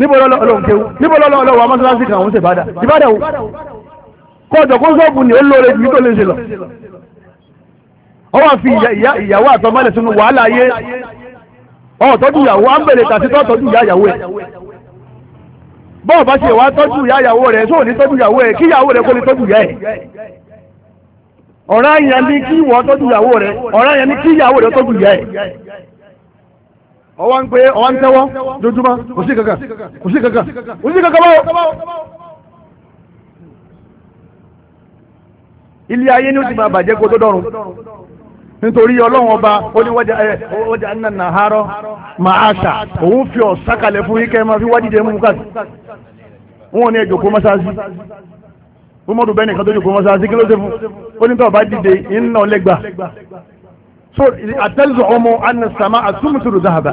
Speaker 1: níbo lọ́lọ́run kéwú níbo lọ́lọ́run wà mọ́ṣáláṣí kan òun ṣèbádà ìbádà wo kọ́ ọ̀jọ̀ kó sọ́ọ̀bù ni ó lóore ju tó lè ṣe lọ ọ wà fi ìyàwó àtọmọlẹ̀ sínú wàhálà ayé ọ ìyàwó à ń tàbí tó tọ́jú ìyá ìyàwó ẹ̀ bọ́ọ̀ bá ṣe wá tọ́jú ìyá ìyàwó rẹ̀ ní tọ́jú ìyàwó ẹ̀ kí ìyàwó rẹ̀ kó lè tọ́jú ìyá ẹ̀ ọ̀rá yẹn ni kí tọ́jú ìyàwó rẹ̀ ni kí ìyàwó rẹ̀ tọ́jú ìyá ẹ̀ ọwọ́ ń ọwọ́ ń tẹ́wọ́ kò sí kankan kò sí kankan kò sí kankan báwo. ilé ayé ni ó ti máa bàjẹ́ kó nítorí ọlọ́run ọba ó ní wájà ẹ wájà ń nà hárọ́ máa ṣà òun fi ọ̀sá kalẹ̀ fún yín kẹ́ ẹ máa fi wájú jẹ mú kàdí wọn ò ní ẹjọ́ kó mọ́sáàsì rúmọ́dù bẹ́ẹ̀ nìkan tó jòkó mọ́sáàsì kí ló ṣe fún ó ní tọ́ọ̀ bá dìde iná lẹ́gbà so àtẹ́lẹ́sọ̀ ọmọ anasama asúmùtúrù dáhàbà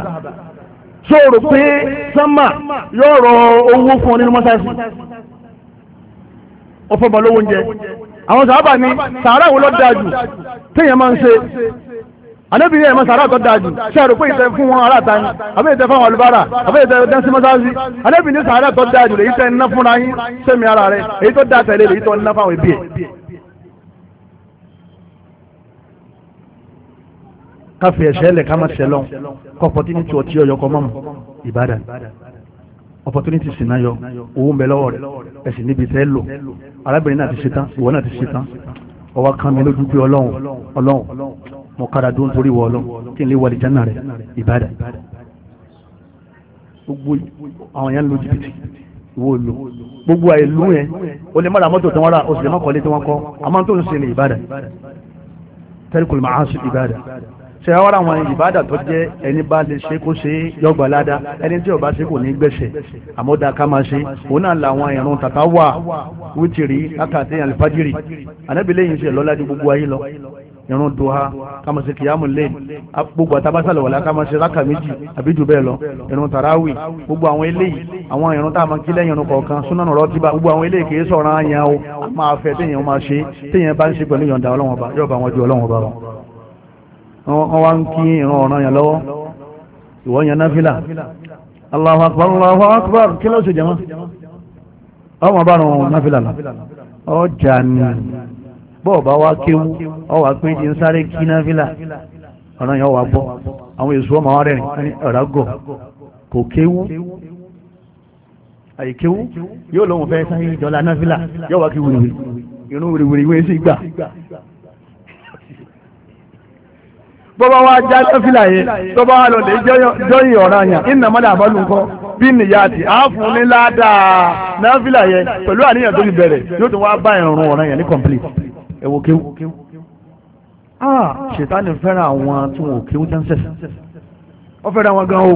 Speaker 1: so rò pé sánmà yóò owó fún ọ nínú mọ́sáàsì ọ̀fọ̀ bọ̀ lówó oúnjẹ àwọn sàábà ní sàárà wo ló dáa jù téèyàn máa ń ṣe ànábìyẹn ẹ̀mọ́ sàárà tó dáa jù ṣe àrò pé ìtẹ́ fún wọn aláta ni àbí ìtẹ́ fún àwọn olùbárà àbí ìtẹ́ dẹ́sí mọ́sáàsì ànábìyẹn sàárà tó dáa jù lè yí tẹ́ ń ná fúnra yín sẹ́mi ara rẹ̀ èyí tó dáa tẹ̀lé lè yí tó ń ná fáwọn ẹbí ẹ̀. káfíẹ̀ṣẹ́ lẹ̀ ká má ṣẹlọ́n kọ́pọ̀tínítì ọtí ọ̀yọ́kọ́ mọ́mọ́ Ìbàdàn opportunity sì náà yọ owó ń bẹ lọ́wọ́ rẹ̀ ẹ̀sìn níbi tẹ́ lò arábìnrin náà ti ṣe tán ìwọ náà ti ṣe tán ọwọ́ kan mi lójú pé ọlọ́run ọlọ́run mo kára dún torí wọ ọlọ́run kí n lè wọlé jẹ́nà rẹ̀ ìbàdàn gbogbo àwọn yẹn ń lo jìbìtì wo lo gbogbo àìlú yẹn o lè má ra mọ́tò tí wọ́n ra o sì lè má kọ́lé tí wọ́n kọ́ àmọ́ tó ń ṣe ní ìbàdàn tẹ́lifùlù màá sùn ìbàdàn ṣe awara àwọn ìbádà tó jẹ́ ẹni bá lè ṣe kó ṣe yọgbà ládá ẹni tí ó bá ṣe kò ní gbẹ̀ṣẹ̀ àmọ́dá ká máa ṣe òun náà làwọn ìrun tàtà wà wítìrí látàtí àlìfájìrì ànábìlẹ̀ yìí ṣe lọ́lá ju gbogbo ayé lọ ìrun duha ká máa ṣe kìyàmù lè gbogbo àtàbásàlọ̀wọ̀lá ká máa ṣe rákà méjì àbí jù bẹ́ẹ̀ lọ ìrun tàráwì gbogbo àwọn eléyìí àwọn ìrun tá a máa kí lẹ́yìn ìrun kọ̀ọ̀kan súnánù rọ́tíbà gbogbo àwọn eléyìí kì í sọ̀rọ̀ àyàn o máa fẹ́ téèyàn máa ṣe téèyàn bá ń ṣe pẹ̀lú yọ̀ǹda ọlọ́wọ́n ọba yọ̀ọ̀bà wọn ju ọlọ́wọ́n ọba wọn wọ́n wá ń kí ìran ọ̀ràn yàn lọ́wọ́ ìwọ́ yẹn náfìlà
Speaker 2: Allahu akbar Allahu akbar kí ló ṣe jẹ́mọ́
Speaker 1: ọmọ bá ràn wọn náfìlà lọ ọjà ni bọ́ọ̀ bá wá kéwú ọwà pé ti ń sáré kí náfìlà ọ̀ràn yàn wà bọ́ àwọn èso ọmọ wọn rẹ̀rìn ọ̀rágọ̀ kò kéwú àìkéwú yóò lóun fẹ́ sáré ìjọba náfìlà yóò wá kí wìrìwìrì irun wìrìwìrì wé sí gbà bọ́bá wa já lọ́fílà yẹn bọ́bá wa lọ́lẹ̀ jọ́yìn ọ̀ràn yàn iná mọ́lẹ̀ àbálù ńkọ́ bí nìyá àti àáfún ní ládàá náfílà yẹn pẹ̀lú àníyàn tó ti bẹ̀rẹ̀ yóò tún wá bá ìrùn ọ̀ràn yẹn ní complete ẹ̀wọ̀ kéwù. ah ṣètánì fẹ́ràn àwọn tí wọn ò kéwù dáńsẹ̀ ọ fẹ́ràn àwọn gan o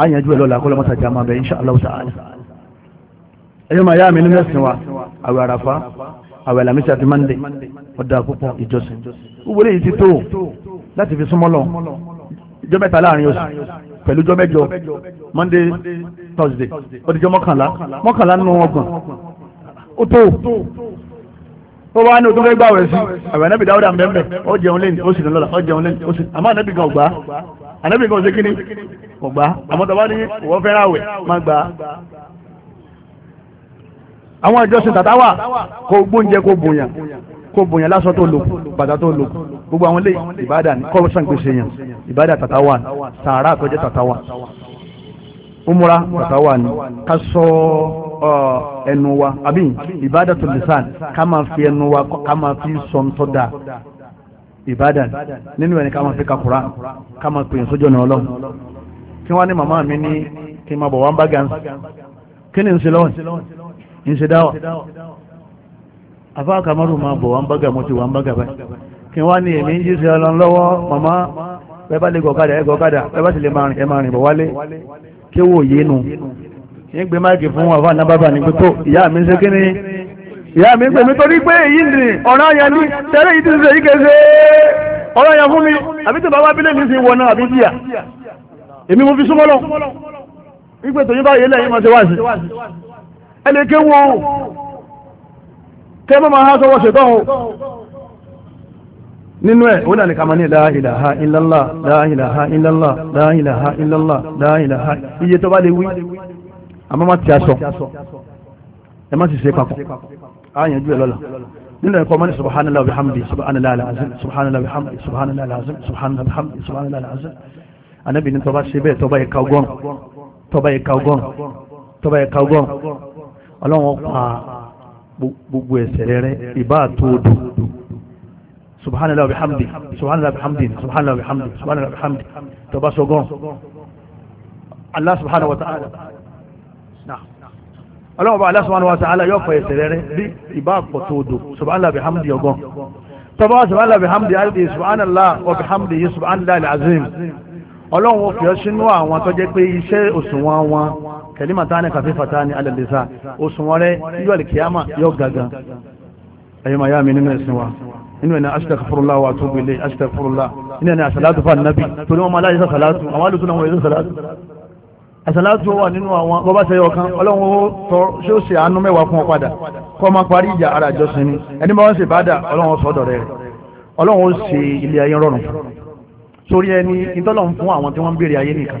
Speaker 1: a yànjú ẹ̀ lọ́la kọ́ lọ́mọ́ta jà máa inṣàlá àwẹ̀ àlàmísì àti mande ọ̀dà púpọ̀ ìjọsìn gbogbo eléyìí ti tó láti fi súnmọ́ lọ ìjọ mẹ́ta láàrin oṣù pẹ̀lú ìjọ mẹ́jọ monday thursday ọdíjọ mọ́kànlá mọ́kànlá nínú ọgbọ̀n ó tó ó wá ní o tó fẹ́ gbàwẹ̀ sí àwẹ̀ anábì dáwọ́dà mbẹ́mbẹ́ ó jẹun lẹ́yìn ó sì lọ́la ó jẹun lẹ́yìn ó sì àmọ́ anábì kan ọ̀gbá anábì kan ọ̀sẹ̀ kínní ọ̀gbá àmọ́ tọ́wá ní ìwọ fẹ́ràn àwẹ̀ má àwọn ìjọsìn tàtàwà kò gbóúnjẹ kò bùnyàn kò bùnyàn lásán tó lò bàtà tó lò gbogbo àwọn ilé ìbádà ní kọ́ sàn gbèsè yàn ìbádà tàtàwà sàárà àtọ́jẹ́ tàtàwà umura tàtàwà ni ká sọ ẹnu wa àbí ìbádà tó lè sàn ká máa fi ẹnu wa ká máa fi sọ ń tọ́ da ìbádà nínú ẹni ká máa fi kakura ká máa pè é sójú ọ̀nà ọlọ́run kí wọ́n ní màmá mi ní kí n máa bọ̀ wá ń bá gan kí ni ń ṣe lọ́wọ́ ń ṣe dáwà afá kamaru máa bọ̀ wá ń bága mo ti wá ń bága báyìí kí wá ní èmi ń jí sí ọlọ́n lọ́wọ́ màmá bẹ́ẹ̀ bá lè gọ̀kadà ẹ gọ̀kadà bẹ́ẹ̀ bá sì lè máa rìn ẹ máa rìn bọ̀ wálé kéwò yìí nu ní gbé máìkì fún àfá nábàbà ní pé tó ìyá mi ń ṣe kí ni ìyá mi ń pè mí torí pé èyí ni ọ̀rọ̀ yẹn ni tẹ́lẹ̀ yìí ti ṣe yìí kẹsẹ́ ọ̀rọ̀ yẹn fún mi àbí tó bá wá bílẹ̀ mi sì wọ̀ náà àbí jìyà èmi mo fi súnmọ́ lọ wípé tòyí báyìí lẹ́yìn máa ṣe wáṣí ẹnìké wo kẹ́ mọ́ máa há sọ́wọ́ ṣètọ́ o nínú ẹ̀ ó dàní kàmá ní la ilaha illallah la ilaha illallah la ilaha illallah la ilaha iye tó bá lè wí àmọ́ má ti aṣọ ẹ má sì ṣe papọ̀ á yẹn jù ẹ lọ́la nínú ẹ̀kọ́ mọ́ni subhanallah wa bihamdi subhanallah alazim subhanallah wa bihamdi subhanallah alazim subhanallah wa bihamdi subhanallah alazim anabi ni tọba ṣe bẹ́ẹ̀ tọba ẹ̀ka ọgọ́rùn tọba ẹ̀ka ọgọ́rùn tọba ọlọ́run pa gbogbo ẹ̀ṣẹ̀ rẹ̀ ìbá tó odò subhanallah wa bihamdi subhanallah wa bihamdi subhanallah wa bihamdi subhanallah wa bihamdi tó bá sọgọ́n allah subhanahu wa ta'ala ọlọ́run bá allah subhanahu wa ta'ala yóò pa ẹ̀ṣẹ̀ rẹ̀ bí ìbá pọ̀ tó odò subhanallah wa bihamdi ọgọ́n tó bá subhanallah wa bihamdi aldi subhanallah wa bihamdi subhanallah al-azim fi ọ sínú àwọn tó pé iṣẹ́ òṣùwọ̀n wọn kalimatani khafifatani ala lisan oṣù wọn rẹ yóò alikiyama yóò gangan ẹ̀yọ́ máa yá mi nínú ẹ̀sìn wa nínú ẹ̀nà astaghfirullah wa atubu ilayhi astaghfirullah nínú ẹ̀nà àṣàlátù fún ànábì torí wọn máa láyé sàṣàlátù àwọn alùsùn àwọn èso sàṣàlátù àṣàlátù wà nínú àwọn bọ́bá ṣe ọ̀kan ọlọ́run ó tọ ṣé ó ṣe àánú mẹ́wàá fún ọ padà kọ́ máa ìjà ara àjọsìn ni ẹni bá wọ́n ṣe bá dà ọlọ́run ó sọ́dọ̀ ṣe ilé ayé rọrùn sórí ẹni ìtọ́lọ́run fún àwọn tí wọ́n ń béèrè ayé nìkan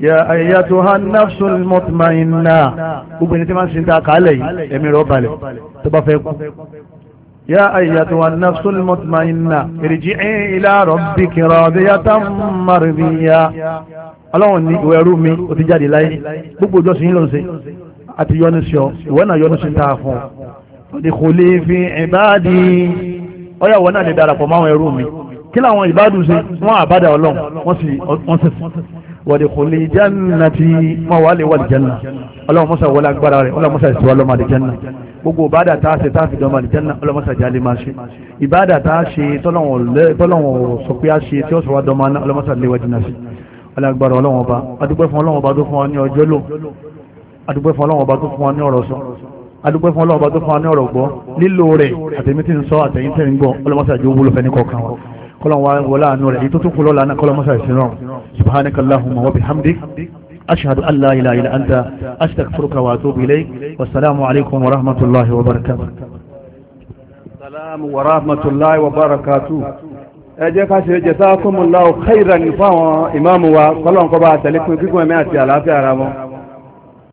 Speaker 1: ya ayyatu han nafsul mutmainna gbogbo ẹni tí máa ń sin ta kálẹ̀ yìí ẹ̀mí rọ̀ balẹ̀ tó bá fẹ́ kú ya ayyatu han nafsul mutmainna irji'i ila rabbiki radiyatan mardiya ọlọ́run ní ìwẹ̀ ẹrú mi ó ti jáde láyé gbogbo ìjọsìn yìí ló ń ṣe àti yọnu sí ọ ìwọ náà yọnu sí ta fún ọ ìkòlè fi ìbáàdì ọyà náà lè darapọ̀ máwọn ẹrú mi kí làwọn ìbádùn ṣe wọn àbádà ọlọ́run wọ́n sì wàdìkùnlé jannati mọ̀wálé wà lìjánà ọlọ́mọsà wọlé agbára rẹ̀ ọlọ́mọsà ìṣòwò ọlọ́mọ àlìjánà gbogbo ìbáàdà tá a ṣe tá a fi dánmọ àlìjánà ọlọ́mọsà jáde máa ṣe ìbáàdà tá a ṣe tọ́lọ́wọ̀n sọ pé a ṣe tí ó sọ wá dánmọ ọlọ́mọsà lè wájú náà sí alágbára ọlọ́wọ̀n fún ọlọ́wọ̀n ọba tó fún wa ní ọjọ́ lò adúpẹ́ fún ọlọ́wọ̀n ọba tó fún wa ní ọ̀rọ̀ kọlọ́n wa wọlé àánú rẹ̀ èyí tó tún kọlọ́ lánàá kọlọ́ mọ́sá ìsìn náà subhanakallahumma wa bihamdik ashhadu an la ilaha illa anta astaghfiruka wa atubu ilayk wa salaamu alaykum wa rahmatullahi wa barakatuh salamu wa rahmatullahi wa barakatuh ẹ jẹ́ ká ṣe jazakumullahu khairan fáwọn ìmáàmù wa kọlọ́n kọ́ bá àtẹ̀lékún gígùn ẹ̀mí àti àlàáfíà ara wọn